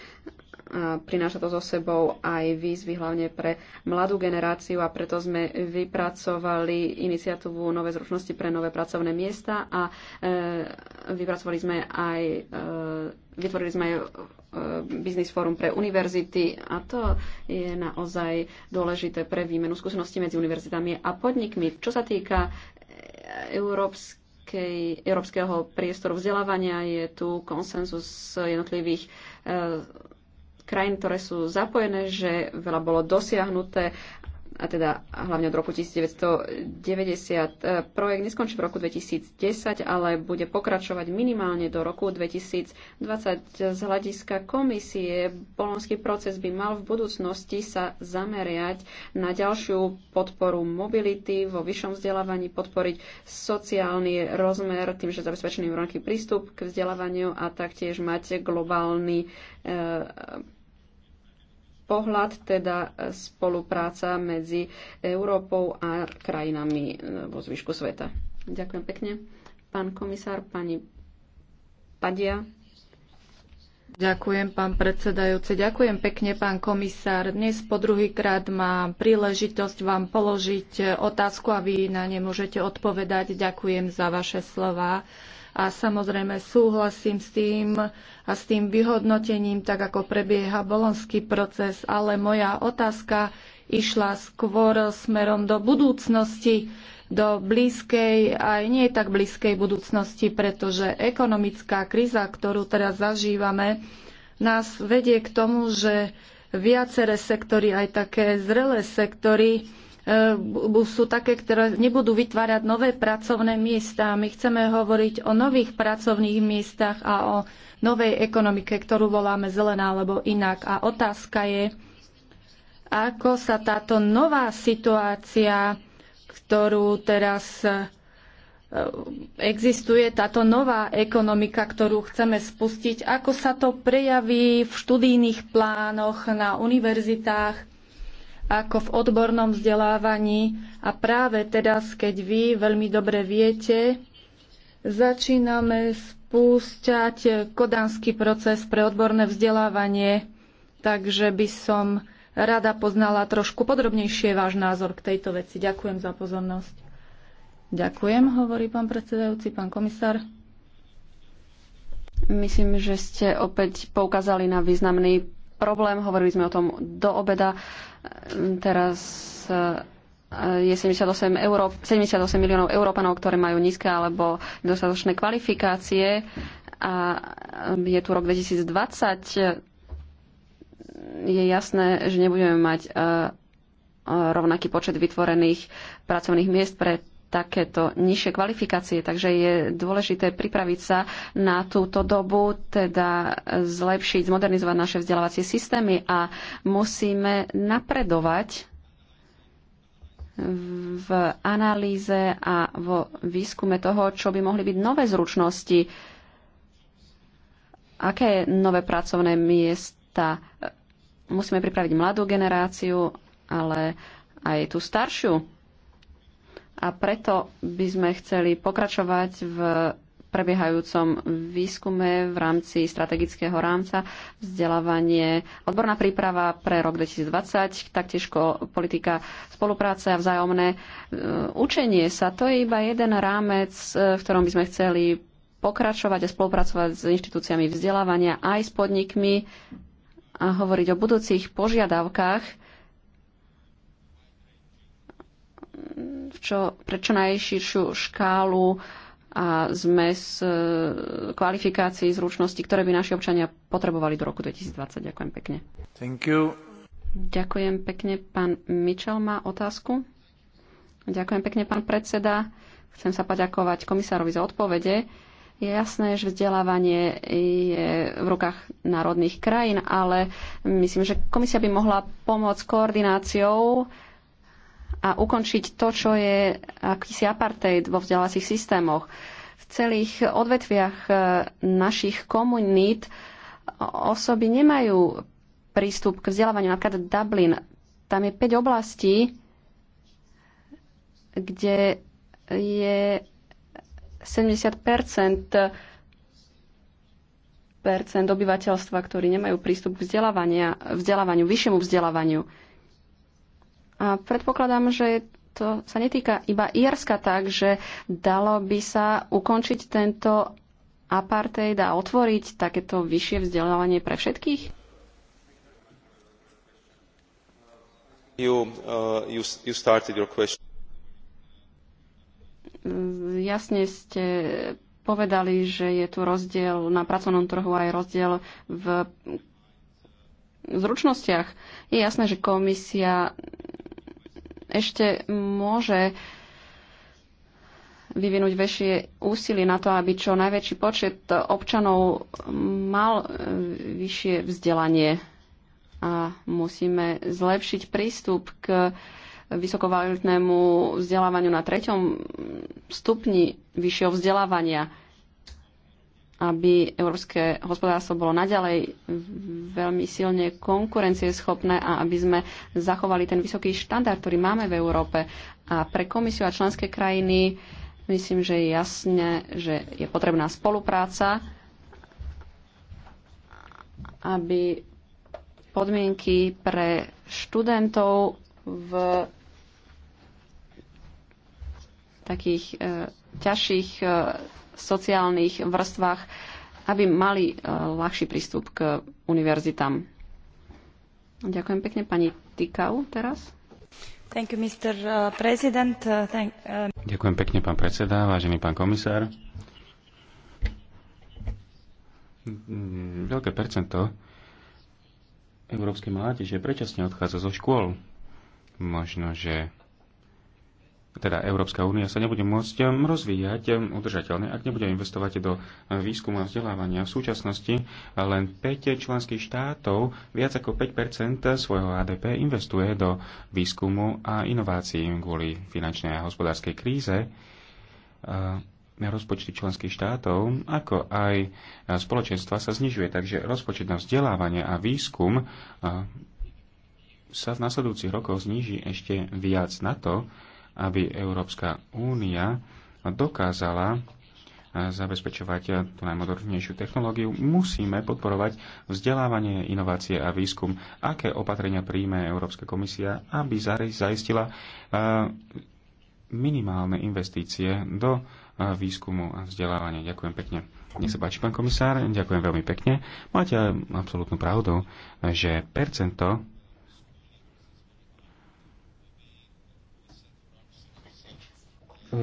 D: prináša to so sebou aj výzvy hlavne pre mladú generáciu a preto sme vypracovali iniciatívu Nové zručnosti pre nové pracovné miesta a e, vypracovali sme aj e, vytvorili sme aj e, biznis fórum pre univerzity a to je naozaj dôležité pre výmenu skúseností medzi univerzitami a podnikmi. Čo sa týka európskych európskeho priestoru vzdelávania je tu konsenzus jednotlivých krajín, ktoré sú zapojené, že veľa bolo dosiahnuté a teda hlavne od roku 1990. Projekt neskončí v roku 2010, ale bude pokračovať minimálne do roku 2020. Z hľadiska komisie bolonský proces by mal v budúcnosti sa zamerať na ďalšiu podporu mobility vo vyššom vzdelávaní, podporiť sociálny rozmer tým, že zabezpečený rovnaký prístup k vzdelávaniu a taktiež mať globálny e, pohľad, teda e, spolupráca medzi Európou a krajinami e, vo zvyšku sveta. Ďakujem pekne. Pán komisár, pani Padia. Ďakujem, pán predsedajúci. Ďakujem pekne,
B: pán komisár. Dnes po druhýkrát mám príležitosť vám položiť otázku a vy na ne môžete odpovedať. Ďakujem za vaše slova a samozrejme súhlasím s tým a s tým vyhodnotením, tak ako prebieha bolonský proces, ale moja otázka išla skôr smerom do budúcnosti, do blízkej aj nie tak blízkej budúcnosti, pretože ekonomická kríza, ktorú teraz zažívame, nás vedie k tomu, že viaceré sektory, aj také zrelé sektory, Ehm, sú také, ktoré nebudú vytvárať nové pracovné miesta. My chceme hovoriť o nových pracovných miestach a o novej ekonomike, ktorú voláme zelená alebo inak. A otázka je, ako sa táto nová situácia, ktorú teraz ehm, existuje táto nová ekonomika, ktorú chceme spustiť, ako sa to prejaví v študijných plánoch na univerzitách, ako v odbornom vzdelávaní a práve teraz, keď vy veľmi dobre viete, začíname spúšťať kodanský proces pre odborné vzdelávanie, takže by som rada poznala trošku podrobnejšie váš názor k tejto veci. Ďakujem za
D: pozornosť. Ďakujem, hovorí pán predsedajúci, pán komisár. Myslím, že ste opäť poukázali na významný problém. Hovorili sme o tom do obeda. Teraz eh, je 78, euro, 78 miliónov Európanov, ktoré majú nízke alebo nedostatočné kvalifikácie a eh, je tu rok 2020. Je jasné, že nebudeme mať eh, rovnaký počet vytvorených pracovných miest pre takéto nižšie kvalifikácie. Takže je dôležité pripraviť sa na túto dobu, teda zlepšiť, zmodernizovať naše vzdelávacie systémy a musíme napredovať v analýze a vo výskume toho, čo by mohli byť nové zručnosti, aké nové pracovné miesta. Musíme pripraviť mladú generáciu, ale aj tú staršiu a preto by sme chceli pokračovať v prebiehajúcom výskume v rámci strategického rámca vzdelávanie, odborná príprava pre rok 2020, taktiež politika spolupráce a vzájomné e, učenie sa. To je iba jeden rámec, e, v ktorom by sme chceli pokračovať a spolupracovať s inštitúciami vzdelávania aj s podnikmi a hovoriť o budúcich požiadavkách čo, pre čo najširšiu škálu a zmes e, kvalifikácií, zručností, ktoré by naši občania potrebovali do roku 2020. Ďakujem pekne. Thank you. Ďakujem pekne. Pán Mičel má otázku. Ďakujem pekne, pán predseda. Chcem sa poďakovať komisárovi za odpovede. Je jasné, že vzdelávanie je v rukách národných krajín, ale myslím, že komisia by mohla pomôcť koordináciou a ukončiť to, čo je akýsi apartheid vo vzdelávacích systémoch. V celých odvetviach e, našich komunít osoby nemajú prístup k vzdelávaniu. Napríklad Dublin. Tam je 5 oblastí, kde je 70 percent obyvateľstva, ktorí nemajú prístup k vzdelávania, vzdelávaniu, vyššiemu vzdelávaniu. A predpokladám, že to sa netýka iba Írska, že dalo by sa ukončiť tento apartheid a otvoriť takéto vyššie vzdelávanie pre všetkých?
A: You, uh, you, you started your question.
D: Jasne ste povedali, že je tu rozdiel na pracovnom trhu aj rozdiel v zručnostiach. Je jasné, že komisia ešte môže vyvinúť väčšie úsilie na to, aby čo najväčší počet občanov mal e, vyššie vzdelanie a musíme zlepšiť prístup k vysokovalitnému vzdelávaniu na treťom stupni vyššieho vzdelávania aby európske hospodárstvo bolo naďalej veľmi silne konkurencieschopné a aby sme zachovali ten vysoký štandard, ktorý máme v Európe. A pre komisiu a členské krajiny myslím, že je jasne, že je potrebná spolupráca, aby podmienky pre študentov v takých e, ťažších e, sociálnych vrstvách, aby mali e, ľahší prístup k univerzitám. Ďakujem pekne pani Tikau teraz. Thank you, Mr. Uh, president. Uh, thank, uh...
A: Ďakujem pekne, pán predseda, vážený pán komisár. Veľké percento európskej mládeže prečasne odchádza zo škôl. Možno, že teda Európska únia sa nebude môcť um, rozvíjať um, udržateľne, ak nebude investovať do uh, výskumu a vzdelávania. V súčasnosti uh, len 5 členských štátov viac ako 5 svojho HDP investuje do výskumu a inovácií kvôli finančnej a hospodárskej kríze. Uh, rozpočty členských štátov, ako aj spoločenstva sa znižuje, takže rozpočet na vzdelávanie a výskum sa v nasledujúcich rokoch zníži ešte viac na to, aby Európska únia dokázala eh, zabezpečovať tú najmodernejšiu technológiu, musíme podporovať vzdelávanie, inovácie a výskum. Aké opatrenia príjme Európska komisia, aby zaistila eh, minimálne investície do eh, výskumu a vzdelávania. Ďakujem pekne. Nech sa páči, pán komisár, ďakujem veľmi pekne. Máte absolútnu pravdu, že percento E,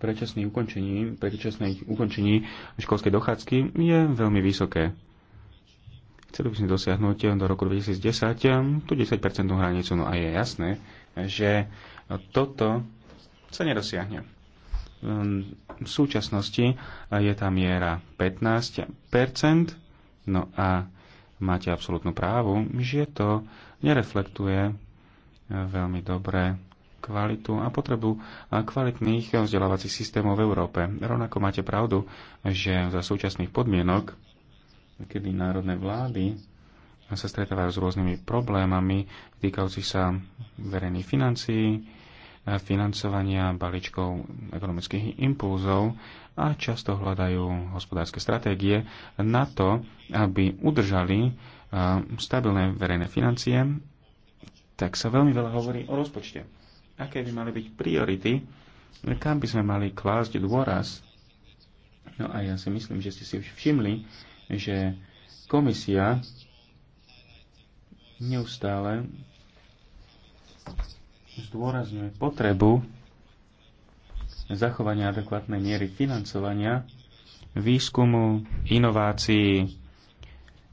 A: predčasných ukončení, predčasných ukončení školskej dochádzky je veľmi vysoké. Chceli by sme dosiahnuť do roku 2010 tú 10% hranicu, no a je jasné, že toto sa nedosiahne. V súčasnosti je tá miera 15%, no a máte absolútnu právu, že to nereflektuje veľmi dobre kvalitu a potrebu kvalitných vzdelávacích systémov v Európe. Rovnako máte pravdu, že za súčasných podmienok, kedy národné vlády sa stretávajú s rôznymi problémami týkajúcich sa verejných financií, financovania balíčkov ekonomických impulzov a často hľadajú hospodárske stratégie na to, aby udržali eh, stabilné verejné financie, tak sa veľmi veľa hovorí o rozpočte aké by mali byť priority, kam by sme mali klásť dôraz. No a ja si myslím, že ste si už všimli, že komisia neustále zdôrazňuje potrebu zachovania adekvátnej miery financovania, výskumu, inovácií,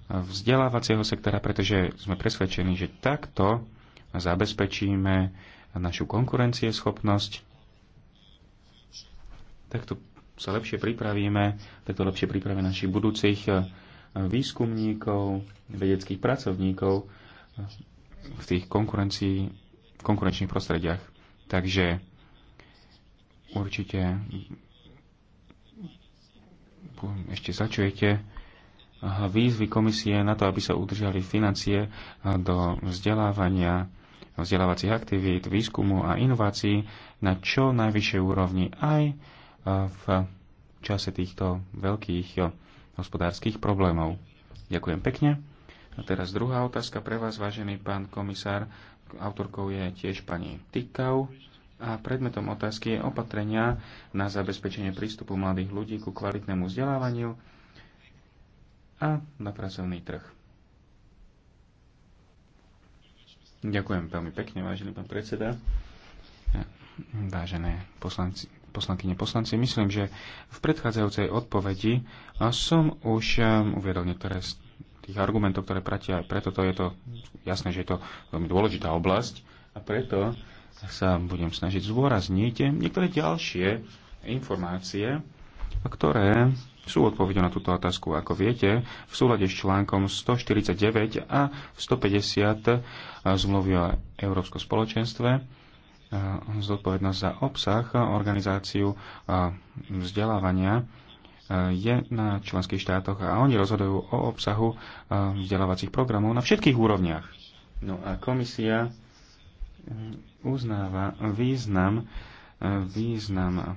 A: vzdelávacieho sektora, pretože sme presvedčení, že takto zabezpečíme našu konkurencieschopnosť, takto sa lepšie pripravíme, tak to lepšie pripravíme našich budúcich eh, výskumníkov, vedeckých pracovníkov eh, v tých konkurenčných prostrediach. Takže určite ešte začujete výzvy komisie na to, aby sa udržali financie eh, do vzdelávania vzdelávacích aktivít, výskumu a inovácií na čo najvyššej úrovni aj e, v čase týchto veľkých e, hospodárskych problémov. Ďakujem pekne. A teraz druhá otázka pre vás, vážený pán komisár. Autorkou je tiež pani Tikau a predmetom otázky je opatrenia na zabezpečenie prístupu mladých ľudí ku kvalitnému vzdelávaniu a na pracovný trh. Ďakujem veľmi pekne, vážený pán predseda. Vážené poslanci, poslankyne, poslanci, myslím, že v predchádzajúcej odpovedi som už um, uviedol niektoré z tých argumentov, ktoré pratia, preto to je to jasné, že je to veľmi dôležitá oblasť a preto sa budem snažiť zdôrazniť niektoré ďalšie informácie, ktoré sú odpovede na túto otázku. Ako viete, v súlade s článkom 149 a 150 zmluvy o Európskom spoločenstve zodpovednosť za obsah, organizáciu vzdelávania je na členských štátoch a oni rozhodujú o obsahu vzdelávacích programov na všetkých úrovniach. No a komisia e, uznáva význam, e, význam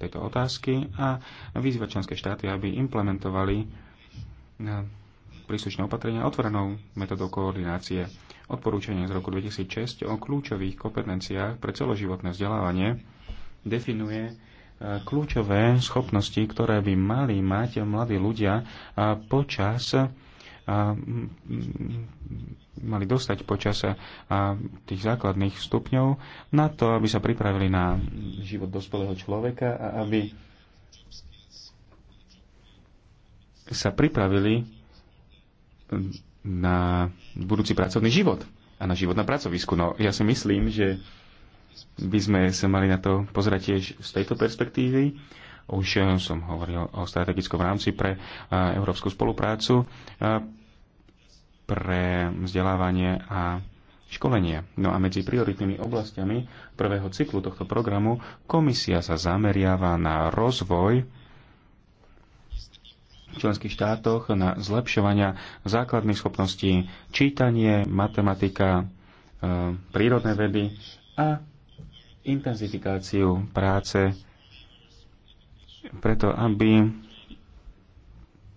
A: tejto otázky a vyzývať členské štáty, aby implementovali eh, príslušné opatrenia otvorenou metodou koordinácie. Odporúčanie z roku 2006 o kľúčových kompetenciách pre celoživotné vzdelávanie definuje eh, kľúčové schopnosti, ktoré by mali mať mladí ľudia eh, počas mali dostať počas tých základných stupňov na to, aby sa pripravili na život dospelého človeka a aby sa pripravili na budúci pracovný život a na život na pracovisku. No ja si myslím, že by sme sa mali na to pozerať tiež z tejto perspektívy už eh, som hovoril o strategickom rámci pre eh, európsku spoluprácu, eh, pre vzdelávanie a školenie. No a medzi prioritnými oblastiami prvého cyklu tohto programu komisia sa zameriava na rozvoj v členských štátoch na zlepšovania základných schopností čítanie, matematika, prírodné vedy a intenzifikáciu práce preto, aby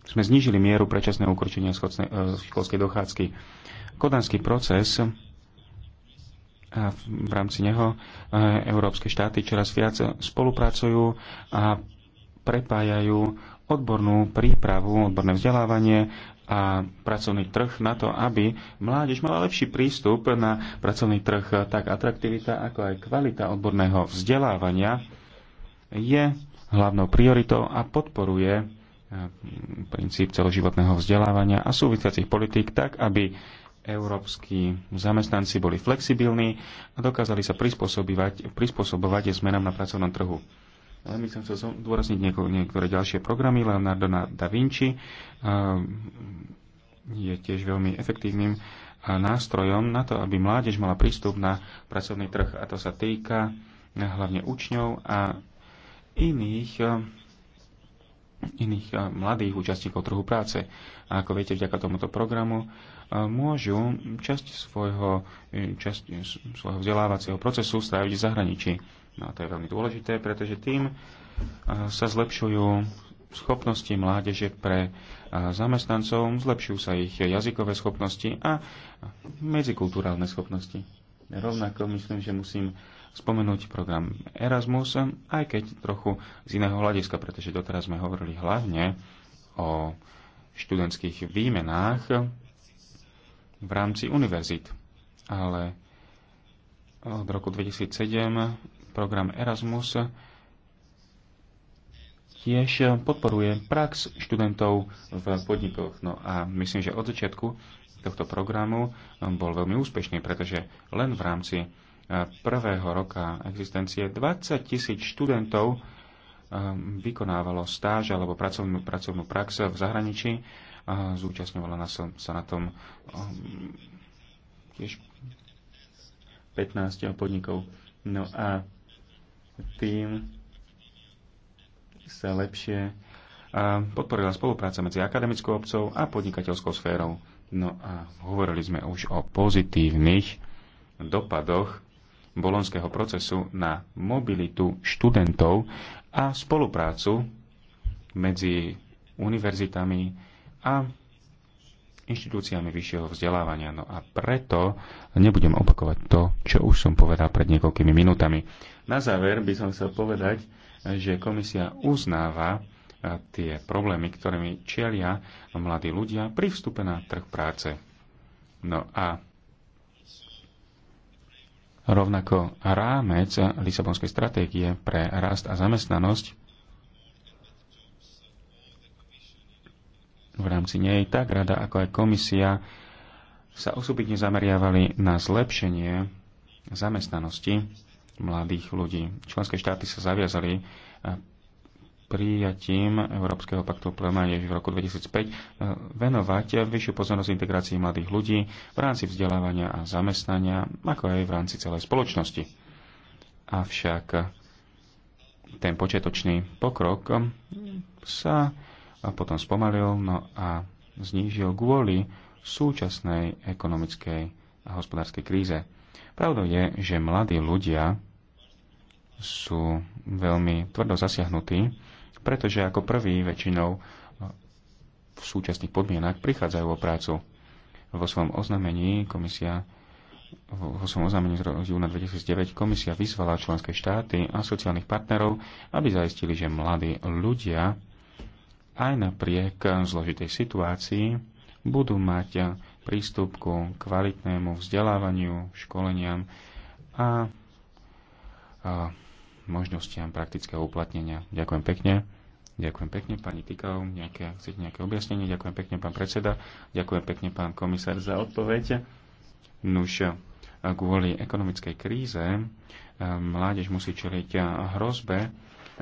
A: sme znížili mieru predčasného ukročenia e, školskej dochádzky. Kodanský proces a e, v rámci neho e, európske štáty čoraz viac spolupracujú a prepájajú odbornú prípravu, odborné vzdelávanie a pracovný trh na to, aby mládež mala lepší prístup na pracovný trh. Tak atraktivita, ako aj kvalita odborného vzdelávania je hlavnou prioritou a podporuje eh, princíp celoživotného vzdelávania a súvisiacich politík tak, aby európsky zamestnanci boli flexibilní a dokázali sa prispôsobovať, prispôsobovať zmenám na pracovnom trhu. Ale my som chcel zdôrazniť niektoré ďalšie programy. Leonardo da Vinci eh, je tiež veľmi efektívnym eh, nástrojom na to, aby mládež mala prístup na pracovný trh a to sa týka hlavne učňov a iných eh, iných eh, mladých účastníkov trhu práce. A ako viete, vďaka tomuto programu eh, môžu časť svojho, časť svojho vzdelávacieho procesu stráviť v zahraničí. No a to je veľmi dôležité, pretože tým sa zlepšujú schopnosti mládeže pre zamestnancov, zlepšujú sa ich jazykové schopnosti a medzikulturálne schopnosti. Rovnako myslím, že musím spomenúť program Erasmus, aj keď trochu z iného hľadiska, pretože doteraz sme hovorili hlavne o študentských výmenách v rámci univerzit. Ale od roku 2007 program Erasmus tiež podporuje prax študentov v podnikoch. No a myslím, že od začiatku tohto programu bol veľmi úspešný, pretože len v rámci prvého roka existencie 20 tisíc študentov um, vykonávalo stáž alebo pracovnú, pracovnú prax v zahraničí. Zúčastňovala na, sa na tom um, tiež 15 podnikov. No a tým sa lepšie podporila spolupráca medzi akademickou obcou a podnikateľskou sférou. No a hovorili sme už o pozitívnych dopadoch bolonského procesu na mobilitu študentov a spoluprácu medzi univerzitami a inštitúciami vyššieho vzdelávania. No a preto nebudem opakovať to, čo už som povedal pred niekoľkými minutami. Na záver by som chcel povedať, že komisia uznáva e, tie problémy, ktorými čelia mladí ľudia pri vstupe na trh práce. No a Rovnako rámec Lisabonskej stratégie pre rast a zamestnanosť v rámci nej tak rada ako aj komisia sa osobitne zameriavali na zlepšenie zamestnanosti mladých ľudí. Členské štáty sa zaviazali prijatím Európskeho paktu plemárie v roku 2005 eh, venovať vyššiu pozornosť integrácii mladých ľudí v rámci vzdelávania a zamestnania, ako aj v rámci celej spoločnosti. Avšak ten počiatočný pokrok sa potom spomalil no a znížil kvôli súčasnej ekonomickej a hospodárskej kríze. Pravdou je, že mladí ľudia sú veľmi tvrdo zasiahnutí, pretože ako prví väčšinou e, v súčasných podmienách prichádzajú o prácu. Vo svojom oznamení komisia vo svojom oznámení z júna 2009 komisia vyzvala členské štáty a sociálnych partnerov, aby zaistili, že mladí ľudia aj napriek zložitej situácii budú mať prístup ku kvalitnému vzdelávaniu, školeniam a, a možnostiam praktického uplatnenia. Ďakujem pekne. Ďakujem pekne, pani Tikau. Nejaké, chcete nejaké objasnenie? Ďakujem pekne, pán predseda. Ďakujem pekne, pán komisár, za odpoveď. Nuž, kvôli ekonomickej kríze mládež musí čeliť hrozbe,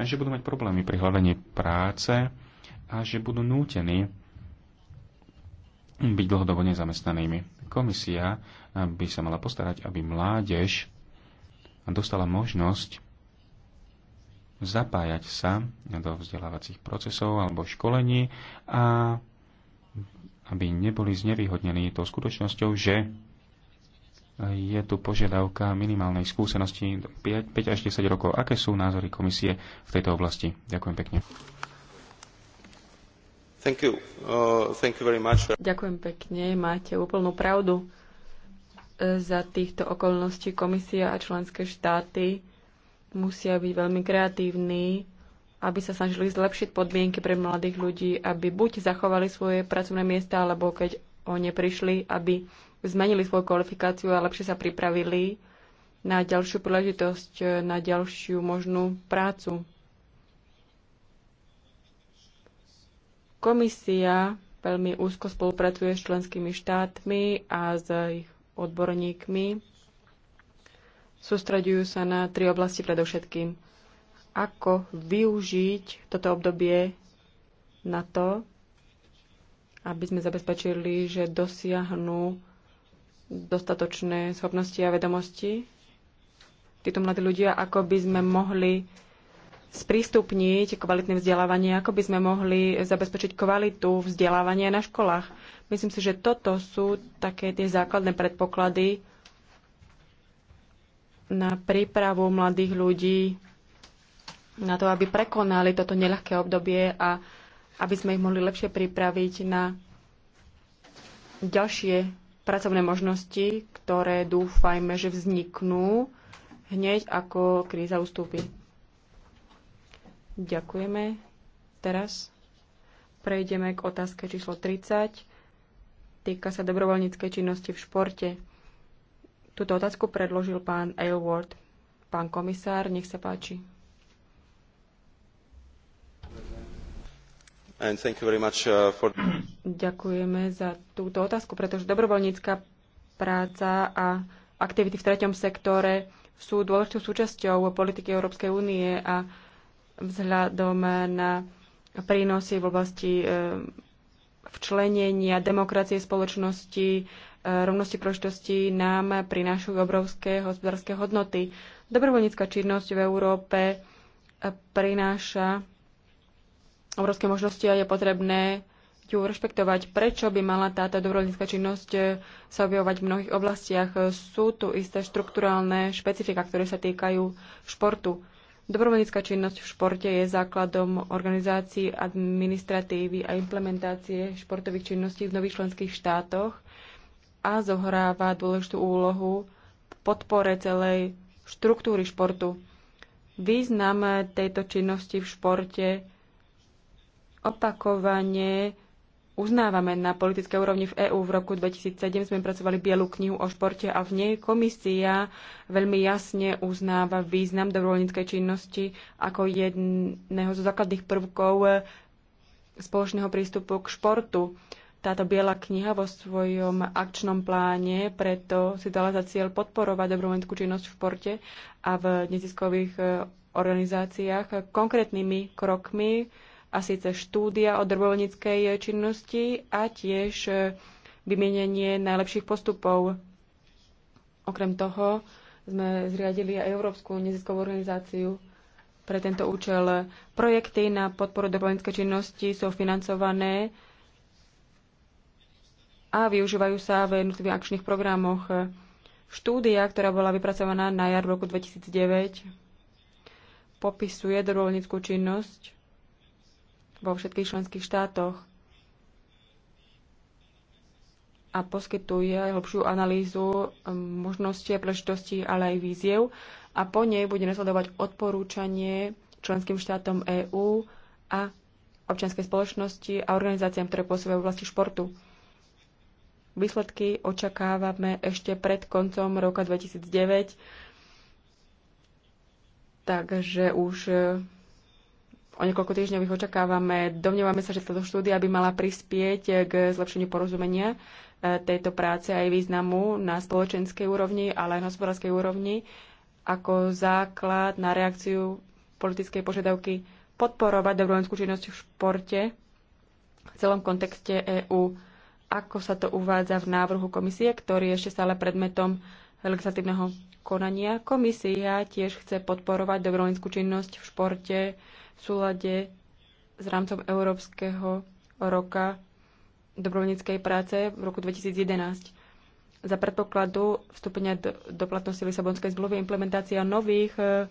A: že budú mať problémy pri hľadaní práce a že budú nútení byť dlhodobo nezamestnanými. Komisia by sa mala postarať, aby mládež dostala možnosť zapájať sa do vzdelávacích procesov alebo školení a aby neboli znevýhodnení tou skutočnosťou, že je tu požiadavka minimálnej skúsenosti 5, 5 až 10 rokov. Aké sú názory komisie v tejto oblasti? Ďakujem pekne. Thank you. Uh, thank you very much. Ďakujem
C: pekne, máte úplnú pravdu. E, za týchto okolností komisia a členské štáty musia byť veľmi kreatívni, aby sa snažili zlepšiť podmienky pre mladých ľudí, aby buď zachovali svoje pracovné miesta, alebo keď o ne prišli, aby zmenili svoju kvalifikáciu a lepšie sa pripravili na ďalšiu príležitosť, na ďalšiu možnú prácu. Komisia veľmi úzko spolupracuje s členskými štátmi a s ich odborníkmi Sústreďujú sa na tri oblasti predovšetkým. Ako využiť toto obdobie na to, aby sme zabezpečili, že dosiahnu dostatočné schopnosti a vedomosti títo mladí ľudia, ako by sme mohli sprístupniť kvalitné vzdelávanie, ako by sme mohli zabezpečiť kvalitu vzdelávania na školách. Myslím si, že toto sú také tie základné predpoklady na prípravu mladých ľudí na to, aby prekonali toto neľahké obdobie a aby sme ich mohli lepšie pripraviť na ďalšie pracovné možnosti, ktoré dúfajme, že vzniknú hneď ako kríza ustúpi. Ďakujeme. Teraz prejdeme k otázke číslo 30. Týka sa dobrovoľníckej činnosti v športe. Tuto otázku predložil pán Aylward. Pán komisár, nech sa páči.
A: Uh, for...
C: Ďakujeme za túto otázku, pretože dobrovoľnícka práca a aktivity v treťom sektore sú dôležitou súčasťou politiky Európskej únie a vzhľadom na prínosy v oblasti eh, včlenenia demokracie spoločnosti, rovnosti prožitosti nám prinášajú obrovské hospodárske hodnoty. Dobrovoľnícka činnosť v Európe eh, prináša obrovské možnosti a je potrebné ju rešpektovať. Prečo by mala táto dobrovoľnícka činnosť eh, sa objavovať v mnohých oblastiach? Sú tu isté štruktúrálne špecifika, ktoré sa týkajú športu. Dobrovoľnícka činnosť v športe je základom organizácií, administratívy a implementácie športových činností v nových členských štátoch a zohráva dôležitú úlohu v podpore celej štruktúry športu. Význam tejto činnosti v športe opakovane uznávame na politické úrovni v EÚ. V roku 2007 sme pracovali Bielú knihu o športe a v nej komisia veľmi jasne uznáva význam dobrovoľníckej činnosti ako jedného zo základných prvkov spoločného prístupu k športu táto biela kniha vo svojom akčnom pláne, preto si dala za cieľ podporovať dobrovoľnickú činnosť v porte a v neziskových e, organizáciách konkrétnymi krokmi, a síce štúdia o dobrovoľníckej činnosti a tiež e, vymienenie najlepších postupov. Okrem toho sme zriadili aj Európsku neziskovú organizáciu pre tento účel. Projekty na podporu dobrovoľníckej činnosti sú financované a využívajú sa v jednotlivých akčných programoch. Štúdia, ktorá bola vypracovaná na jar roku 2009, popisuje dobrovoľníckú činnosť vo všetkých členských štátoch a poskytuje hlbšiu analýzu um, možnosti a príležitosti, ale aj víziev a po nej bude nasledovať odporúčanie členským štátom EÚ a občianskej spoločnosti a organizáciám, ktoré pôsobia v oblasti športu. Výsledky očakávame ešte pred koncom roka 2009, takže už e, o niekoľko týždňov ich očakávame. Domnievame sa, že táto štúdia by mala prispieť e, k zlepšeniu porozumenia e, tejto práce aj významu na spoločenskej úrovni, ale aj na hospodárskej úrovni ako základ na reakciu politickej požiadavky podporovať dobrovoľnú činnosť v športe v celom kontexte EÚ ako sa to uvádza v návrhu komisie, ktorý je ešte stále predmetom legislatívneho konania. Komisia tiež chce podporovať dobrovoľnícku činnosť v športe v súlade s rámcom Európskeho roka dobrovoľníckej práce v roku 2011. Za predpokladu vstúpenia do platnosti Lisabonskej zmluvy implementácia nových e,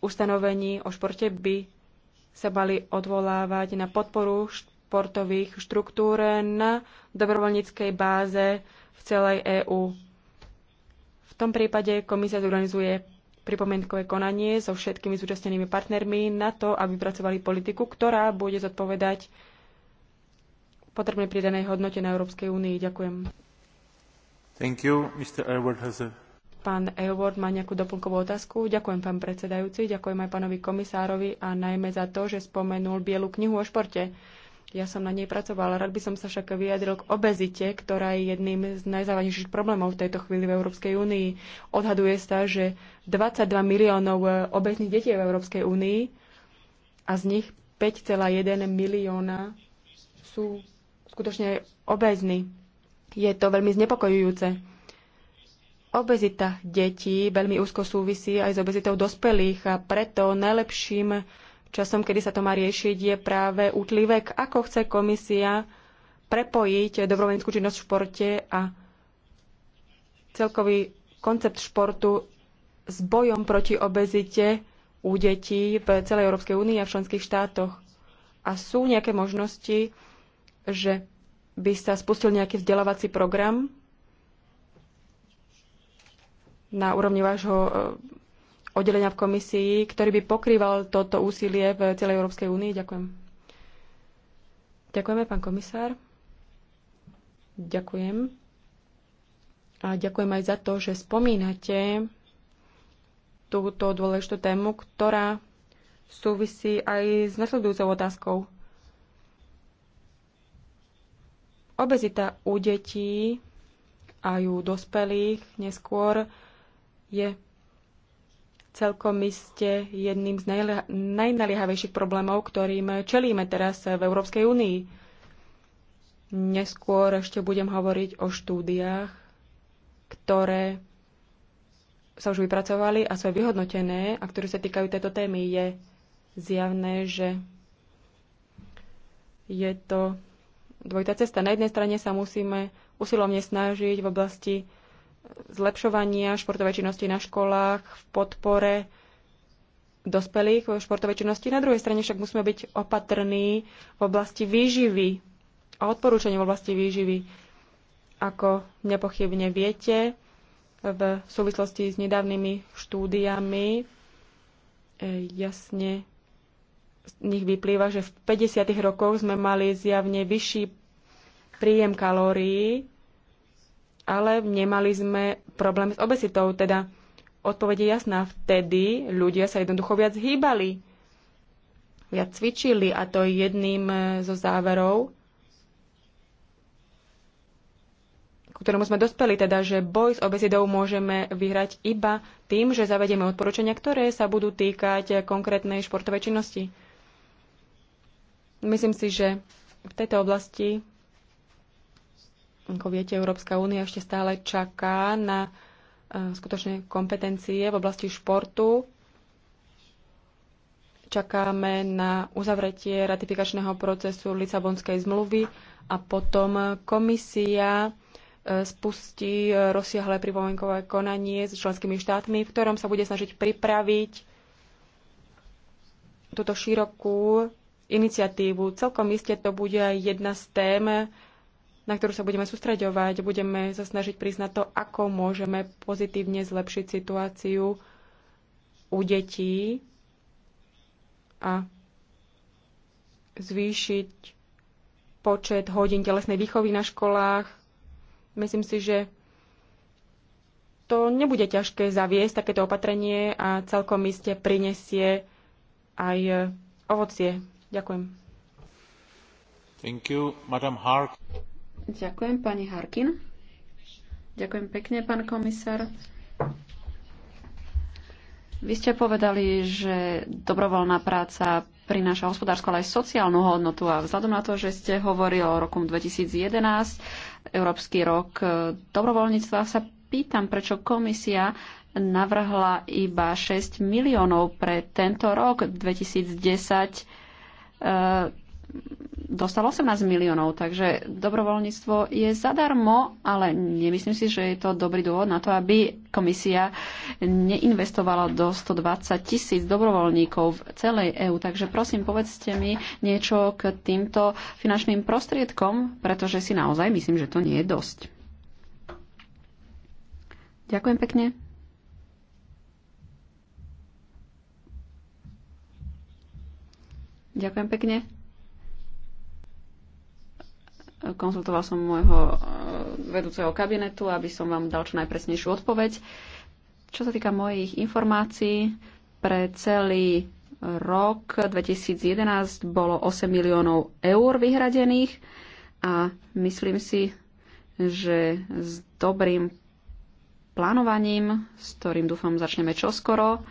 C: ustanovení o športe by sa mali odvolávať na podporu športových štruktúr na dobrovoľníckej báze v celej EÚ. V tom prípade komisia zorganizuje pripomienkové konanie so všetkými zúčastnenými partnermi na to, aby pracovali politiku, ktorá bude zodpovedať potrebnej pridanej hodnote na Európskej únii. Ďakujem.
A: Thank you. Mr. Elward has a...
C: Pán Elward má nejakú doplnkovú otázku. Ďakujem, pán predsedajúci. Ďakujem aj pánovi komisárovi a najmä za to, že spomenul Bielu knihu o športe. Ja som na nej pracovala. Rád by som sa však vyjadril k obezite, ktorá je jedným z najzávažnejších problémov v tejto chvíli v Európskej únii. Odhaduje sa, že 22 miliónov e, obezných detí je v Európskej únii a z nich 5,1 milióna sú skutočne obezní. Je to veľmi znepokojujúce. Obezita detí veľmi úzko súvisí aj s obezitou dospelých a preto najlepším časom, kedy sa to má riešiť, je práve útlivek, ako chce komisia prepojiť dobrovoľníckú činnosť v športe a celkový koncept športu s bojom proti obezite u detí v celej Európskej únii a v členských štátoch. A sú nejaké možnosti, že by sa spustil nejaký vzdelávací program na úrovni vášho oddelenia v komisii, ktorý by pokrýval toto úsilie v celej Európskej únii? Ďakujem. Ďakujeme, pán komisár. Ďakujem. A ďakujem aj za to, že spomínate túto dôležitú tému, ktorá súvisí aj s nasledujúcou otázkou. Obezita u detí a u dospelých neskôr je celkom iste jedným z najnaliehavejších problémov, ktorým čelíme teraz v Európskej únii. Neskôr ešte budem hovoriť o štúdiách, ktoré sa už vypracovali a sú vyhodnotené a ktoré sa týkajú tejto témy. Je zjavné, že je to dvojitá cesta. Na jednej strane sa musíme usilovne snažiť v oblasti zlepšovania športovej činnosti na školách, v podpore dospelých športovej činnosti. Na druhej strane však musíme byť opatrní v oblasti výživy a odporúčania v oblasti výživy. Ako nepochybne viete, v súvislosti s nedávnymi štúdiami e, jasne z nich vyplýva, že v 50. rokoch sme mali zjavne vyšší príjem kalórií ale nemali sme problém s obesitou. Teda odpoveď je jasná. Vtedy ľudia sa jednoducho viac hýbali, viac cvičili a to je jedným e, zo záverov, K ktorému sme dospeli, teda, že boj s obezidou môžeme vyhrať iba tým, že zavedieme odporúčania, ktoré sa budú týkať konkrétnej športovej činnosti. Myslím si, že v tejto oblasti ako viete, Európska únia ešte stále čaká na e, skutočné kompetencie v oblasti športu. Čakáme na uzavretie ratifikačného procesu Lisabonskej zmluvy a potom komisia e, spustí rozsiahle pripomienkové konanie s členskými štátmi, v ktorom sa bude snažiť pripraviť túto širokú iniciatívu. Celkom iste to bude aj jedna z tém, na ktorú sa budeme sústreďovať. Budeme sa snažiť prísť na to, ako môžeme pozitívne zlepšiť situáciu u detí a zvýšiť počet hodín telesnej výchovy na školách. Myslím si, že to nebude ťažké zaviesť takéto opatrenie a celkom iste prinesie
D: aj ovocie. Ďakujem.
A: Thank you, Madam Hark.
D: Ďakujem, pani Harkin. Ďakujem pekne, pán komisár. Vy ste povedali, že dobrovoľná práca prináša hospodárskú, ale aj sociálnu hodnotu. A vzhľadom na to, že ste hovorili o roku 2011, Európsky rok dobrovoľníctva, sa pýtam, prečo komisia navrhla iba 6 miliónov pre tento rok 2010 dostal 18 miliónov, takže dobrovoľníctvo je zadarmo, ale nemyslím si, že je to dobrý dôvod na to, aby komisia neinvestovala do 120 tisíc dobrovoľníkov v celej EÚ. Takže prosím, povedzte mi niečo k týmto finančným prostriedkom, pretože si naozaj myslím, že to nie je dosť. Ďakujem pekne. Ďakujem pekne. Konzultoval som môjho e, vedúceho kabinetu, aby som vám dal čo najpresnejšiu odpoveď. Čo sa týka mojich informácií, pre celý rok 2011 bolo 8 miliónov eur vyhradených a myslím si, že s dobrým plánovaním, s ktorým dúfam začneme čoskoro,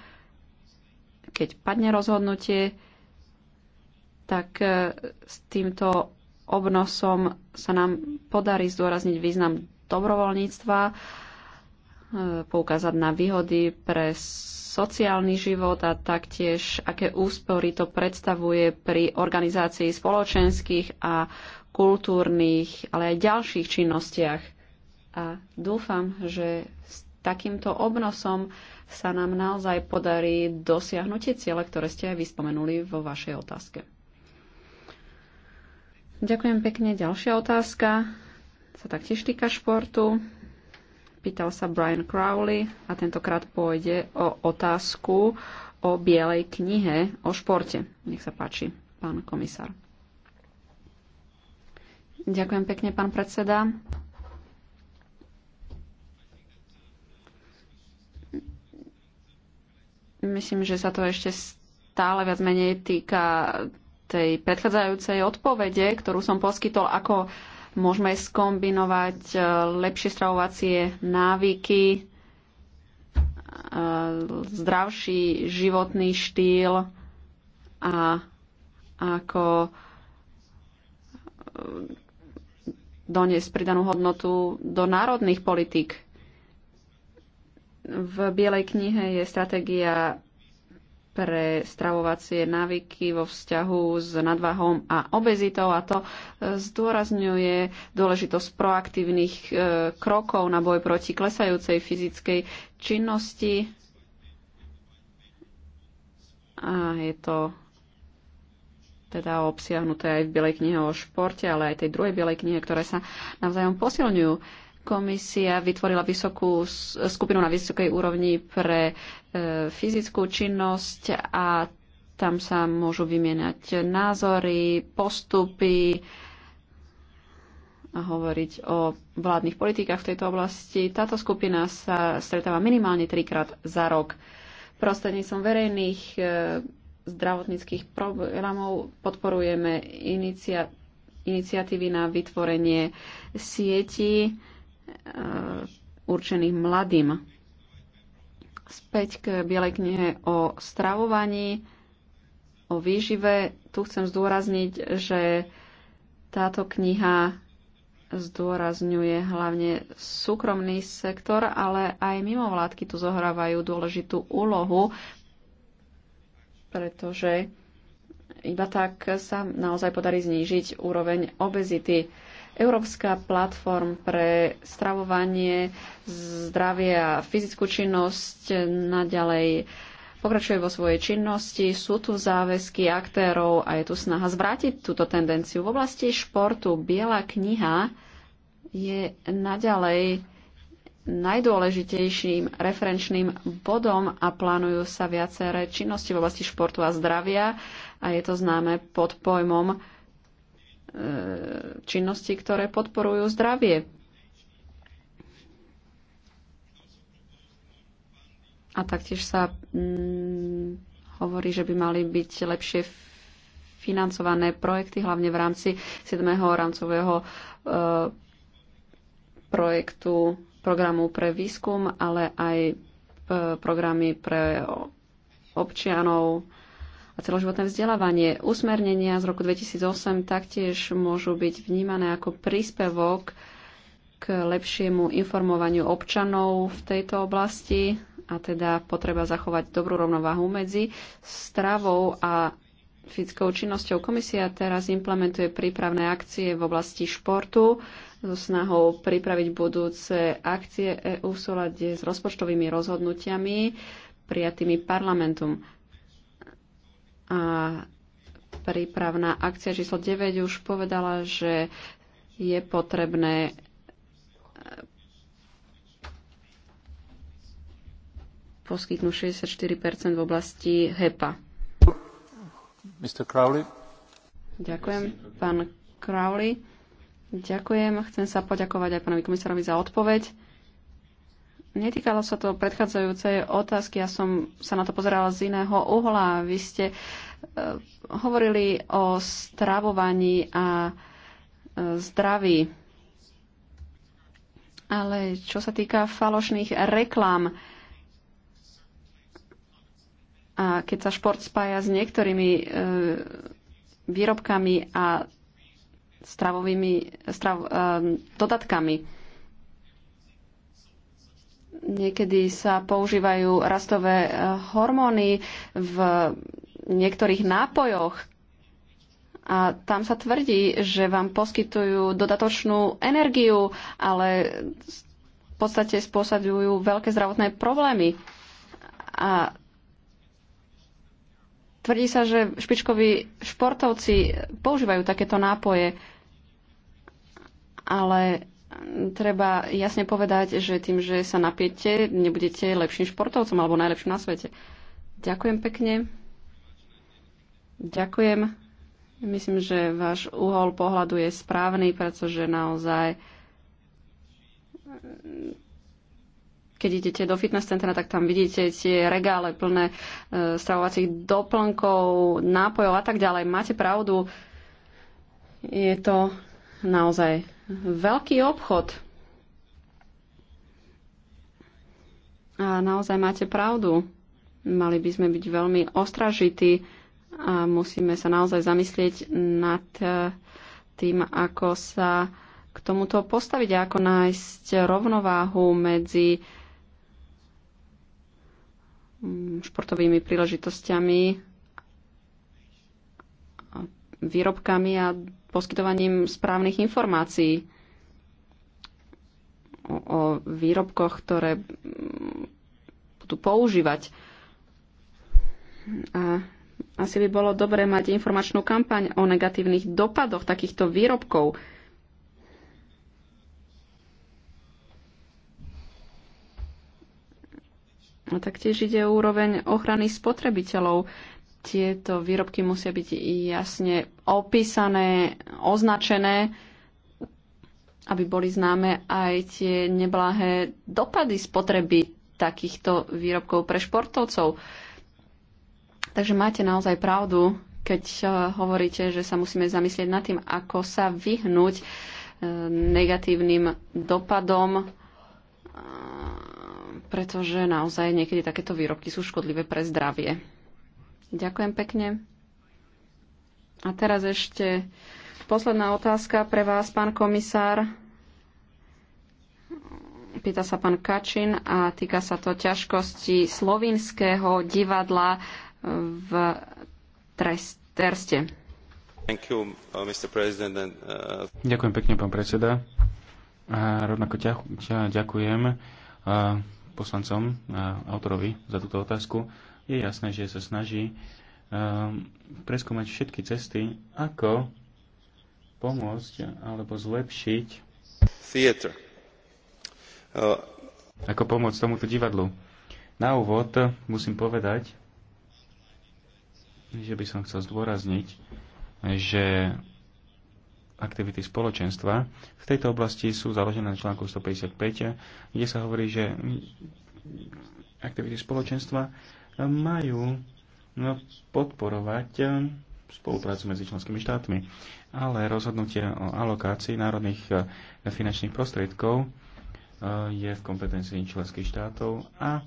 D: keď padne rozhodnutie, tak e, s týmto obnosom sa nám podarí zdôrazniť význam dobrovoľníctva, e, poukázať na výhody pre sociálny život a taktiež aké úspory to predstavuje pri organizácii spoločenských a kultúrnych, ale aj ďalších činnostiach. A dúfam, že s takýmto obnosom sa nám naozaj podarí dosiahnutie ciele, ktoré ste aj vyspomenuli vo vašej otázke. Ďakujem pekne. Ďalšia otázka sa taktiež týka športu. Pýtal sa Brian Crowley a tentokrát pôjde o otázku o bielej knihe o športe. Nech sa páči, pán komisár. Ďakujem pekne, pán predseda. Myslím, že sa to ešte stále viac menej týka tej predchádzajúcej odpovede, ktorú som poskytol, ako môžeme skombinovať e, lepšie stravovacie návyky, e, zdravší životný štýl a ako e, doniesť pridanú hodnotu do národných politík. V Bielej knihe je stratégia pre stravovacie návyky vo vzťahu s nadvahom a obezitou a to e, zdôrazňuje dôležitosť proaktívnych e, krokov na boj proti klesajúcej fyzickej činnosti. A je to teda obsiahnuté aj v Bielej knihe o športe, ale aj tej druhej Bielej knihe, ktoré sa navzájom posilňujú Komisia vytvorila vysokú skupinu na vysokej úrovni pre e, fyzickú činnosť a tam sa môžu vymieňať názory, postupy a hovoriť o vládnych politikách v tejto oblasti. Táto skupina sa stretáva minimálne trikrát za rok. Prostredníctvom verejných e, zdravotníckých programov podporujeme inicia- iniciatívy na vytvorenie sietí E, určených mladým. Späť k Bielej knihe o stravovaní, o výžive. Tu chcem zdôrazniť, že táto kniha zdôrazňuje hlavne súkromný sektor, ale aj mimovládky tu zohrávajú dôležitú úlohu, pretože iba tak sa naozaj podarí znížiť úroveň obezity. Európska platform pre stravovanie, zdravie a fyzickú činnosť naďalej pokračuje vo svojej činnosti, sú tu záväzky aktérov a je tu snaha zvrátiť túto tendenciu. V oblasti športu Biela kniha je naďalej najdôležitejším referenčným bodom a plánujú sa viaceré činnosti v oblasti športu a zdravia a je to známe pod pojmom E, činnosti, ktoré podporujú zdravie. A taktiež sa mm, hovorí, že by mali byť lepšie financované projekty, hlavne v rámci 7. rámcového e, projektu programu pre výskum, ale aj e, programy pre občianov, a celoživotné vzdelávanie. Usmernenia z roku 2008 taktiež môžu byť vnímané ako príspevok k lepšiemu informovaniu občanov v tejto oblasti a teda potreba zachovať dobrú rovnováhu medzi stravou a fyzickou činnosťou. Komisia teraz implementuje prípravné akcie v oblasti športu so snahou pripraviť budúce akcie EU v súlade s rozpočtovými rozhodnutiami prijatými parlamentom. A prípravná akcia číslo 9 už povedala, že je potrebné eh, poskytnúť 64 v oblasti HEPA.
A: Mr. Crowley.
D: Ďakujem, pán Crowley. Ďakujem. Chcem sa poďakovať aj pánovi komisárovi za odpoveď. Netýkalo sa to predchádzajúcej otázky, ja som sa na to pozerala z iného uhla. Vy ste e, hovorili o stravovaní a e, zdraví. Ale čo sa týka falošných reklám, a keď sa šport spája s niektorými e, výrobkami a stravovými strav, e, dodatkami, Niekedy sa používajú rastové eh, hormóny v niektorých nápojoch a tam sa tvrdí, že vám poskytujú dodatočnú energiu, ale v podstate spôsobujú veľké zdravotné problémy. A tvrdí sa, že špičkoví športovci používajú takéto nápoje, ale treba jasne povedať, že tým, že sa napiete, nebudete lepším športovcom alebo najlepším na svete. Ďakujem pekne. Ďakujem. Myslím, že váš uhol pohľadu je správny, pretože naozaj keď idete do fitness centra, tak tam vidíte tie regále plné e, stravovacích doplnkov, nápojov a tak ďalej. Máte pravdu, je to naozaj veľký obchod. A naozaj máte pravdu. Mali by sme byť veľmi ostražití a musíme sa naozaj zamyslieť nad e, tým, ako sa k tomuto postaviť a ako nájsť rovnováhu medzi mm, športovými príležitosťami, výrobkami a poskytovaním správnych informácií o, o výrobkoch, ktoré budú používať. A asi by bolo dobré mať informačnú kampaň o negatívnych dopadoch takýchto výrobkov. A taktiež ide o úroveň ochrany spotrebiteľov tieto výrobky musia byť jasne opísané, označené, aby boli známe aj tie neblahé dopady spotreby takýchto výrobkov pre športovcov. Takže máte naozaj pravdu, keď eh, hovoríte, že sa musíme zamyslieť nad tým, ako sa vyhnúť eh, negatívnym dopadom, eh, pretože naozaj niekedy takéto výrobky sú škodlivé pre zdravie. Ďakujem pekne. A teraz ešte posledná otázka pre vás, pán komisár. Pýta sa pán Kačin a týka sa to ťažkosti slovinského divadla v Terste.
A: Uh, uh, ďakujem pekne, pán predseda. A rovnako ťa, ťa ďakujem uh, poslancom, a autorovi za túto otázku je jasné, že sa snaží um, preskúmať všetky cesty, ako pomôcť alebo zlepšiť theater. Uh. ako pomôcť tomuto divadlu. Na úvod musím povedať, že by som chcel zdôrazniť, že aktivity spoločenstva v tejto oblasti sú založené na článku 155, kde sa hovorí, že aktivity spoločenstva majú no, podporovať eh, spoluprácu medzi členskými štátmi. Ale rozhodnutie o alokácii národných eh, finančných prostriedkov eh, je v kompetencii členských štátov a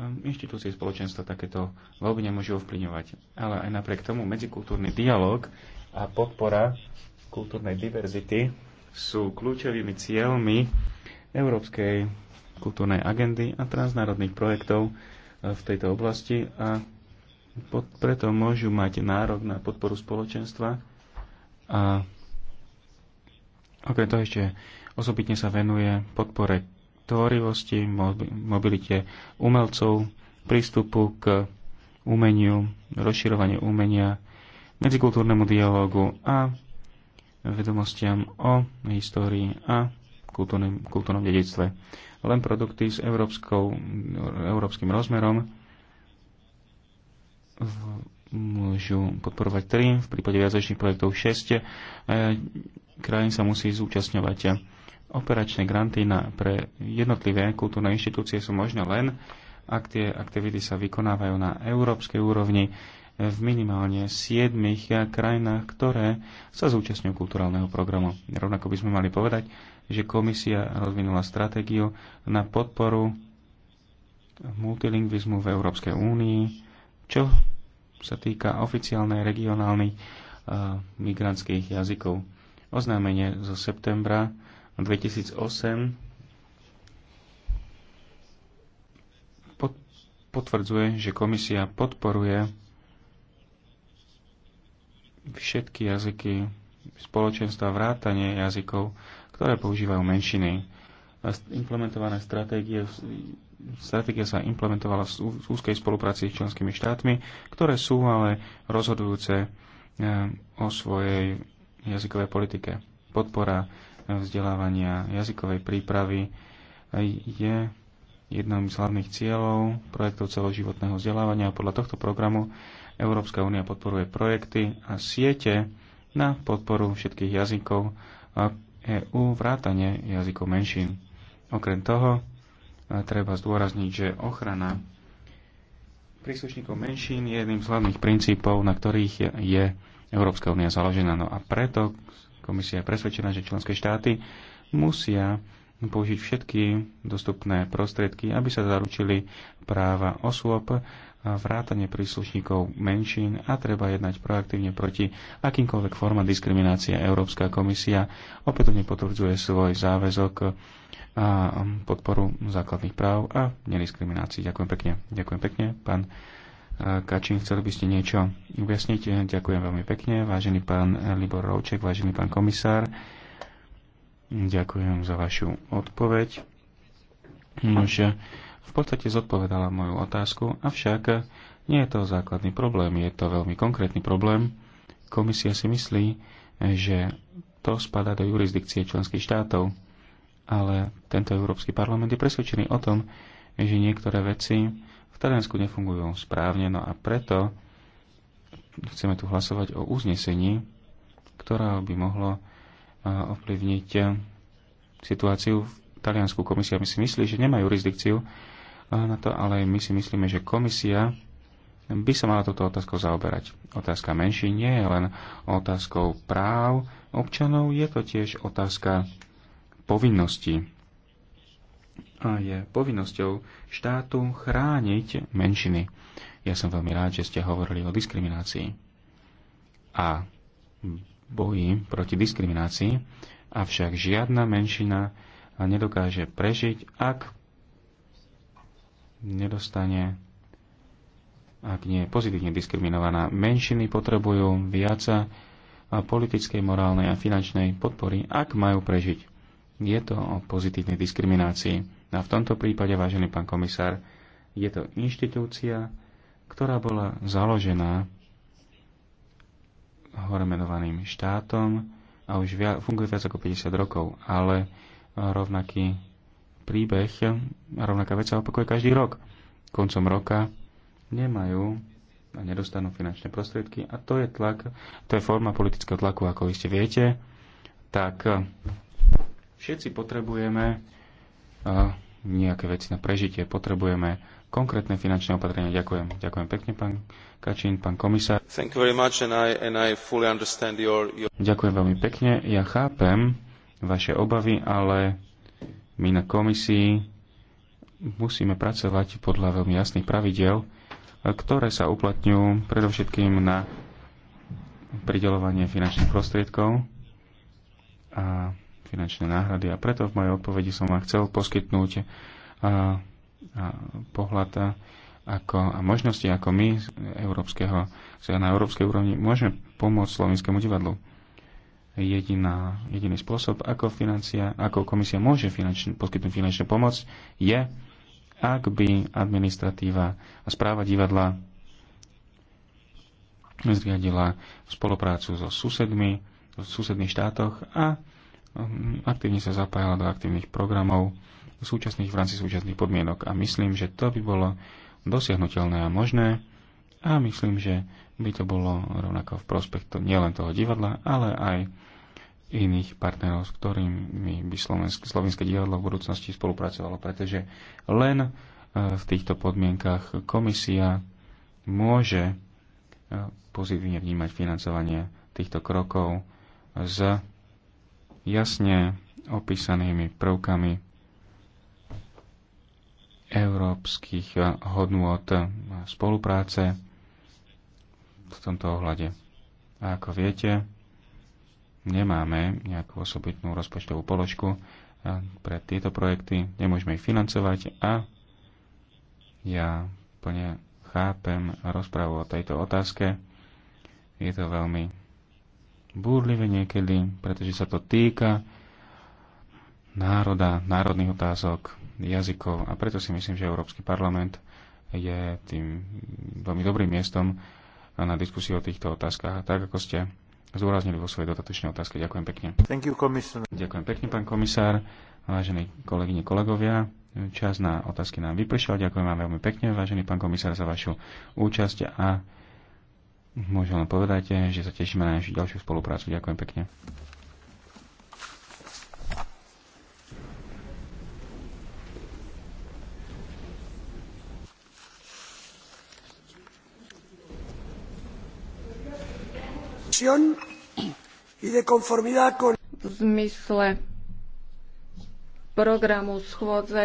A: inštitúcie spoločenstva takéto voľby nemôžu ovplyvňovať. Ale aj napriek tomu medzikultúrny dialog a podpora kultúrnej diverzity sú kľúčovými cieľmi Európskej kultúrnej agendy a transnárodných projektov, v tejto oblasti a pod, preto môžu mať nárok na podporu spoločenstva a okrem toho ešte osobitne sa venuje podpore tvorivosti, mobilite umelcov, prístupu k umeniu, rozširovanie umenia, medzikultúrnemu dialogu a vedomostiam o histórii a kultúrnom dedictve len produkty s európskou, európskym rozmerom môžu podporovať 3, v prípade viacečných projektov 6. E, krajín sa musí zúčastňovať. Operačné granty na, pre jednotlivé kultúrne inštitúcie sú možné len, ak tie aktivity sa vykonávajú na európskej úrovni v minimálne 7 krajinách, ktoré sa zúčastňujú kulturálneho programu. Rovnako by sme mali povedať, že komisia rozvinula stratégiu na podporu multilingvizmu v Európskej únii, čo sa týka oficiálnej regionálnych uh, migrantských jazykov. Oznámenie zo septembra 2008 potvrdzuje, že komisia podporuje všetky jazyky spoločenstva vrátanie jazykov, ktoré používajú menšiny. Implementované stratégie, stratégia sa implementovala v úzkej spolupráci s členskými štátmi, ktoré sú ale rozhodujúce e, o svojej jazykovej politike. Podpora e, vzdelávania jazykovej prípravy e, je jednom z hlavných cieľov projektov celoživotného vzdelávania a podľa tohto programu Európska únia podporuje projekty a siete na podporu všetkých jazykov a EU vrátane jazykov menšín. Okrem toho e, treba zdôrazniť, že ochrana príslušníkov menšín je jedným z hlavných princípov, na ktorých je Európska únia založená. No a preto komisia je presvedčená, že členské štáty musia použiť všetky dostupné prostriedky, aby sa zaručili práva osôb, vrátanie príslušníkov menšín a treba jednať proaktívne proti akýmkoľvek forma diskriminácie. Európska komisia opätovne potvrdzuje svoj záväzok a podporu základných práv a nediskriminácií. Ďakujem pekne. Ďakujem pekne, pán e, Kačín, chceli by ste niečo objasniť? Ďakujem veľmi pekne, vážený pán Libor Rovček, vážený pán komisár. Ďakujem za vašu odpoveď. Nože, v podstate zodpovedala moju otázku, avšak nie je to základný problém, je to veľmi konkrétny problém. Komisia si myslí, že to spadá do jurisdikcie členských štátov, ale tento Európsky parlament je presvedčený o tom, že niektoré veci v Taliansku nefungujú správne, no a preto chceme tu hlasovať o uznesení, ktorá by mohlo ovplyvniť situáciu v Taliansku. Komisia my si myslí, že nemá jurisdikciu na to, ale my si myslíme, že komisia by sa mala toto otázkou zaoberať. Otázka menší nie je len otázkou práv občanov, je to tiež otázka povinností. A je povinnosťou štátu chrániť menšiny. Ja som veľmi rád, že ste hovorili o diskriminácii. A bojí proti diskriminácii, avšak žiadna menšina nedokáže prežiť, ak nedostane, ak nie je pozitívne diskriminovaná. Menšiny potrebujú viac politickej, morálnej a finančnej podpory, ak majú prežiť. Je to o pozitívnej diskriminácii. A v tomto prípade, vážený pán komisár, je to inštitúcia, ktorá bola založená horemenovaným štátom a už via, funguje viac ako 50 rokov, ale rovnaký príbeh, rovnaká vec sa opakuje každý rok. Koncom roka nemajú a nedostanú finančné prostriedky a to je tlak, to je forma politického tlaku, ako vy ste viete, tak všetci potrebujeme nejaké veci na prežitie, potrebujeme konkrétne finančné opatrenia. Ďakujem. Ďakujem pekne, pán Kačín, pán komisár. Ďakujem veľmi pekne. Ja chápem vaše obavy, ale my na komisii musíme pracovať podľa veľmi jasných pravidel, ktoré sa uplatňujú predovšetkým na pridelovanie finančných prostriedkov a finančné náhrady. A preto v mojej odpovedi som vám chcel poskytnúť pohľad ako, a možnosti, ako my z európskeho, na európskej úrovni môžeme pomôcť slovenskému divadlu. Jediná, jediný spôsob, ako, financia, ako komisia môže finančne, poskytnúť finančnú pomoc, je, ak by administratíva a správa divadla zriadila spoluprácu so susedmi, v susedných štátoch a um, aktívne sa zapájala do aktívnych programov súčasných, v rámci súčasných podmienok. A myslím, že to by bolo dosiahnutelné a možné. A myslím, že by to bolo rovnako v prospech nielen toho divadla, ale aj iných partnerov, s ktorými by Slovensk, Slovenské divadlo v budúcnosti spolupracovalo, pretože len e, v týchto podmienkach komisia môže e, pozitívne vnímať financovanie týchto krokov s jasne opísanými prvkami európskych eh, hodnôt eh, spolupráce v tomto ohľade. A ako viete, nemáme nejakú osobitnú rozpočtovú položku eh, pre tieto projekty, nemôžeme ich financovať a ja plne chápem rozprávu o tejto otázke. Je to veľmi búrlivé niekedy, pretože sa to týka národa, národných otázok, jazykov a preto si myslím, že Európsky parlament je tým veľmi dobrým miestom na diskusiu o týchto otázkach. Tak ako ste zdôraznili vo svojej dotatočnej otázke. Ďakujem pekne. Thank you, Ďakujem pekne, pán komisár. Vážení kolegyne, kolegovia, čas na otázky nám vypršal. Ďakujem vám veľmi pekne, vážený pán komisár, za vašu účasť a môžem len povedať, že sa tešíme na našu ďalšiu spoluprácu. Ďakujem pekne.
B: v zmysle programu schôdze